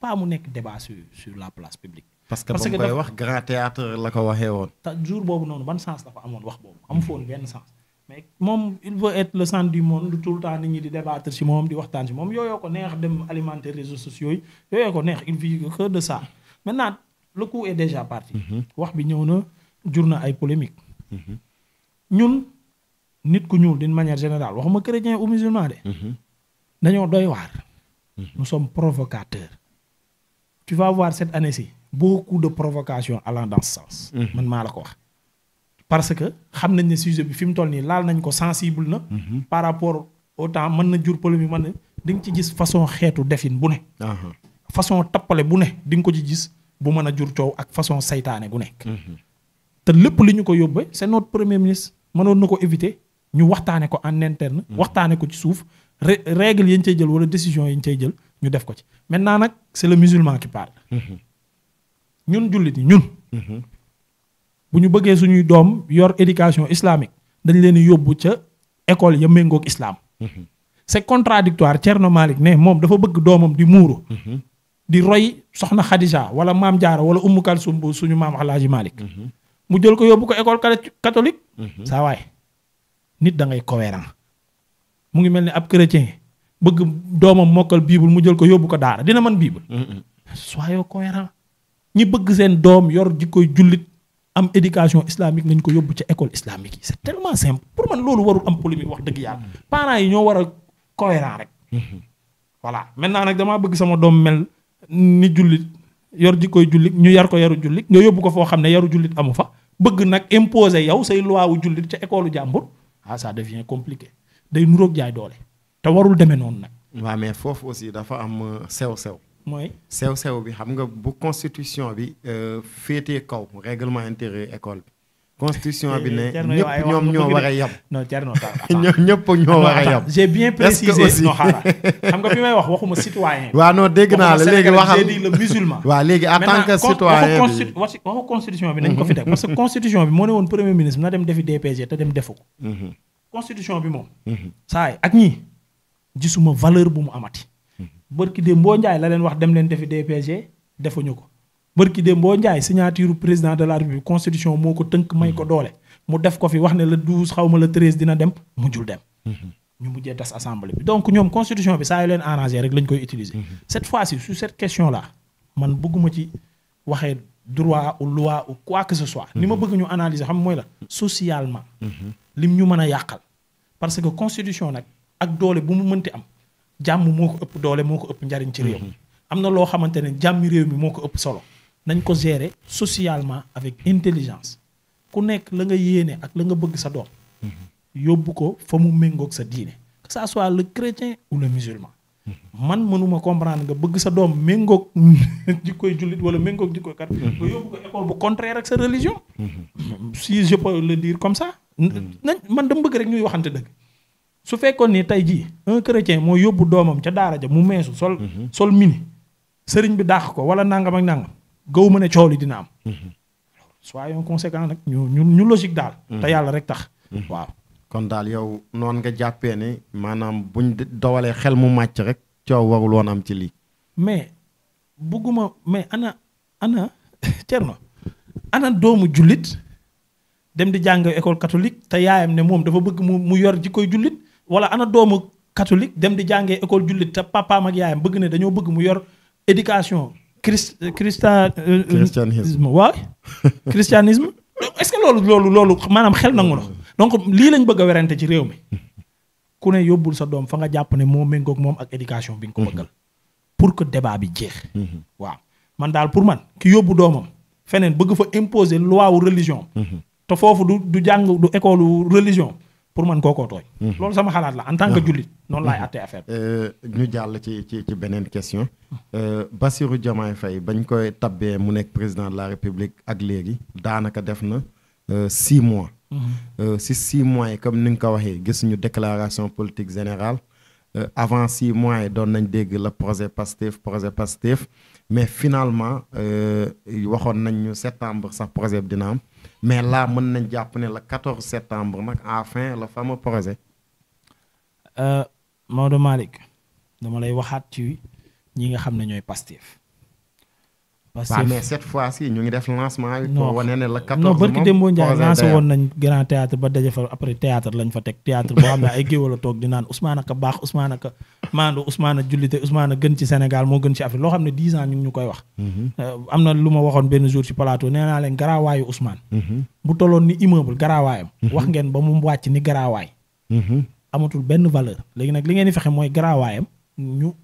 Speaker 1: pas mu nekk débat sur sur la place publique. parce que ba mu koy wax
Speaker 2: grand théâtre la ko waxee woon.
Speaker 1: jour boobu noonu ban sens dafa amoon wax boobu amu foon benn sens. mais moom il veut être le centre du monde tout le temps nit ñi di débattre ci moom di waxtaan ci moom yooyoo ko neex dem alimenter réseaux sociaux yi yooyoo ko neex il vit que de ça maintenant le coup est déjà parti. Mm-hmm. wax bi ñëw na jur na ay polémique mm-hmm. ñun nit ku ñuul d'une manière générale waxuma chrétien ou musulman de. Mm-hmm. dañoo doy waar. Mhm. nous sommes provocateurs. tu vas voir cette année-ci beaucoup de provocation allant dans sens. Mhm. man maa la ko wax. parce que xam nañ ne sujet bi fi mu toll nii laal nañ ko sensible na. Mhm. par rapport au temps mën na jur polémique mën na di nga ci gis façon xeetu defin bu ne. façon tappale bu ne di nga ko ci gis bu mën a jur coow ak façon seytaane bu nekk. te lépp li ñu ko yóbbee c'est notre premier ministre mënoon na ko éviter ñu waxtaane ko en interne. waxtaane ko ci suuf règle yi ñu cay jël wala décision yi ñu cay jël ñu def ko ci maintenant nag c'est le musulman qui parle. Mm-hmm. ñun jullit yi ñun. Mm-hmm. bu ñu bëggee suñuy doom yor éducation islamique dañ leen di yóbbu ca école ya méngook islam. Mm-hmm. c'est contradictoire Thierno Malick ne moom dafa bëgg doomam di muuru. di roy soxna Khadija wala maam jaaro wala Umu Kalsum bu suñu maam Alhaji Malick. mu jël ko yóbbu ko école catholique. saa waay nit dangay ngay mu ngi mel ni ab chrétien bëgg doomam mokkal bible mu jël ko yóbbu ko daara dina man bible. soyons cohérent ñi bëgg seen doom yor jikkoy jullit am éducation islamique nañ ko yóbbu ca école islamique yi c'est telement simple pour man loolu warul am polémique wax dëgg yàlla. parents yi ñoo wara a cohérent rek. voilà maintenant nag damaa bëgg sama doom mel ni jullit yor jikkoy jullit ñu yar ko yaru jullit nga yóbbu ko foo xam ne yaru jullit amu fa bëgg nag imposer yow say loi jullit ca école jàmbur ah ça devient compliqué. day nuroog jaay doole te warul demee noonu nag.
Speaker 2: waaw mais foofu aussi dafa am euh, sew sew. mooy sew sew bi xam nga bu constitution bi euh, féetee kaw règlement intérieur école bi. bi ne eh, eh, ñëpp ñoom ñoo war a yem.
Speaker 1: non Thierno (laughs) ñoom ñëpp ñoo war a yem. j'ai bien précisé non xaaral bi (laughs) may wax waxuma citoyen. waaw non dégg naa la léegi waxal j'ai dit musulman. waaw léegi en tant que citoyen bi waxu constitution bi nañ ko fi teg mhm. parce que constitution bi moo ne woon premier ministre na dem defi DPG te dem defu ko. Mhm. constitution bi moom. Mhm. saa yi ak ñii gisuma valeur bu mu amati. Mhm. bërki de mboo Ndiaye la leen wax dem leen defi DPG defuñu ko bërki de mboo Ndiaye président de la République constitution moo ko tënk may ko mhm. doole mu def ko fi wax ne le 12 xaw ma le 13 dina dem mujjul dem. ñu mujjee tas assemblée bi donc ñoom constitution bi saa yu leen arrangé rek lañ koy utiliser. cette fois-ci sur cette question là man bëgguma ci waxee droit ou loi ou quoi soit. ni ma bëgg ñu analyser xam mooy la socialement. lim ñu mën a yàqal parce que constitution nag ak doole bu mu mënti am jàmm moo ko ëpp doole moo ko ëpp njariñ ci réew mi mm-hmm. am na loo xamante ne jàmmi réew mi moo ko ëpp solo nañ ko gérer socialement avec intelligence ku nekk la nga yéene ak la nga bëgg sa doom mm-hmm. yóbbu ko fa mu méngoog sa diine que ça soit le chrétien ou le musulman
Speaker 3: mm-hmm.
Speaker 1: man mënuma comprendre nga bëgg sa doom méngoog (laughs) jikkoy jullit wala méngoog jikkoy kat nga yóbbu ko école bu contraire ak sa religion comme ça nañ man dama bëgg rek ñuy waxante dëgg. su fekkoon nii tey jii un chrétien moo yóbbu doomam ca daara ja mu meesu sol. Mhm. sol mini sëriñ bi dàq ko wala nangam ak nangam gaw ma ne coow li dina am. Mhm. soyons conséquents nag ñu ñu ñu daal. Mhm. te yàlla rek tax.
Speaker 2: waaw kon daal yow noonu nga jàppee ne maanaam buñ dowalee xel mu màcc rek coow warul am ci lii.
Speaker 1: mais bëgguma mais ana ana (laughs) Thierno ana doomu jullit. dem di jàng école catholique te yaayam ne moom dafa bëgg mu mu yor jikkoy jullit wala ana doomu catholique dem di jàngee école jullit te papaam ak yaayam bëgg ne dañoo bëgg mu yor éducation christ euh, euh, christianisme waaw christianisme est-ce que loolu loolu loolu maanaam xel nangu na donc lii lañ bëgg a werante ci réew mi ku ne yóbbul sa doom fa nga jàpp ne moo méngoog moom ak éducation bi nga ko bëggal pour que débat bi jeex mm-hmm. waaw man daal pour man ki yóbbu doomam feneen bëgg fa imposer loi wu te foofu du du jàng du école religion pour man koo tooy. Mhm. loolu sama xalaat la en tant que ah. jullit. noonu laay mhm. àttee
Speaker 2: affaire euh, ñu jàll ci ci ci beneen question. Mhm. Euh, bassiru Diomaye Faye bañ koy tabbee mu nekk président de la république ak léegi daanaka def na euh, six mois. si six mois yi comme ni nga ko waxee gis ñu déclaration politique général avant six mois yi doon nañ dégg la projet Pastef projet Pastef mais finalement waxoon nañ ñu septembre sax projet bi dina am. mais là mën nañ jàpp ne la 14 septembre mag nag enfin le fameux projet.
Speaker 1: Euh, Maodo Malick dama lay waxaat ci ñi nga xam ne ñooy Pastef
Speaker 2: parce que mais cette fois ci ñu ngi def lancement. pour wane ne la 14
Speaker 1: grand théâtre ba daje fa après théâtre lañ fa teg théâtre boo xam ne ay géwél a toog di naan Ousmane ka baax Ousmane ka maandu Ousmane jullite Ousmane gën ci Sénégal moo gën ci Afrique loo xam ne 10 ans ñu koy wax. Mhm. Euh, am na lu ma waxoon benn jour ci plateau nee naa leen garaawaayu Ousmane. Mhm. bu tolloon ni immeuble garaawaayam. Mhm. wax ngeen ba mu wàcc ni garaawaay. amatul benn valeur léegi nag li ngeen di fexe mooy garaawaayam ñu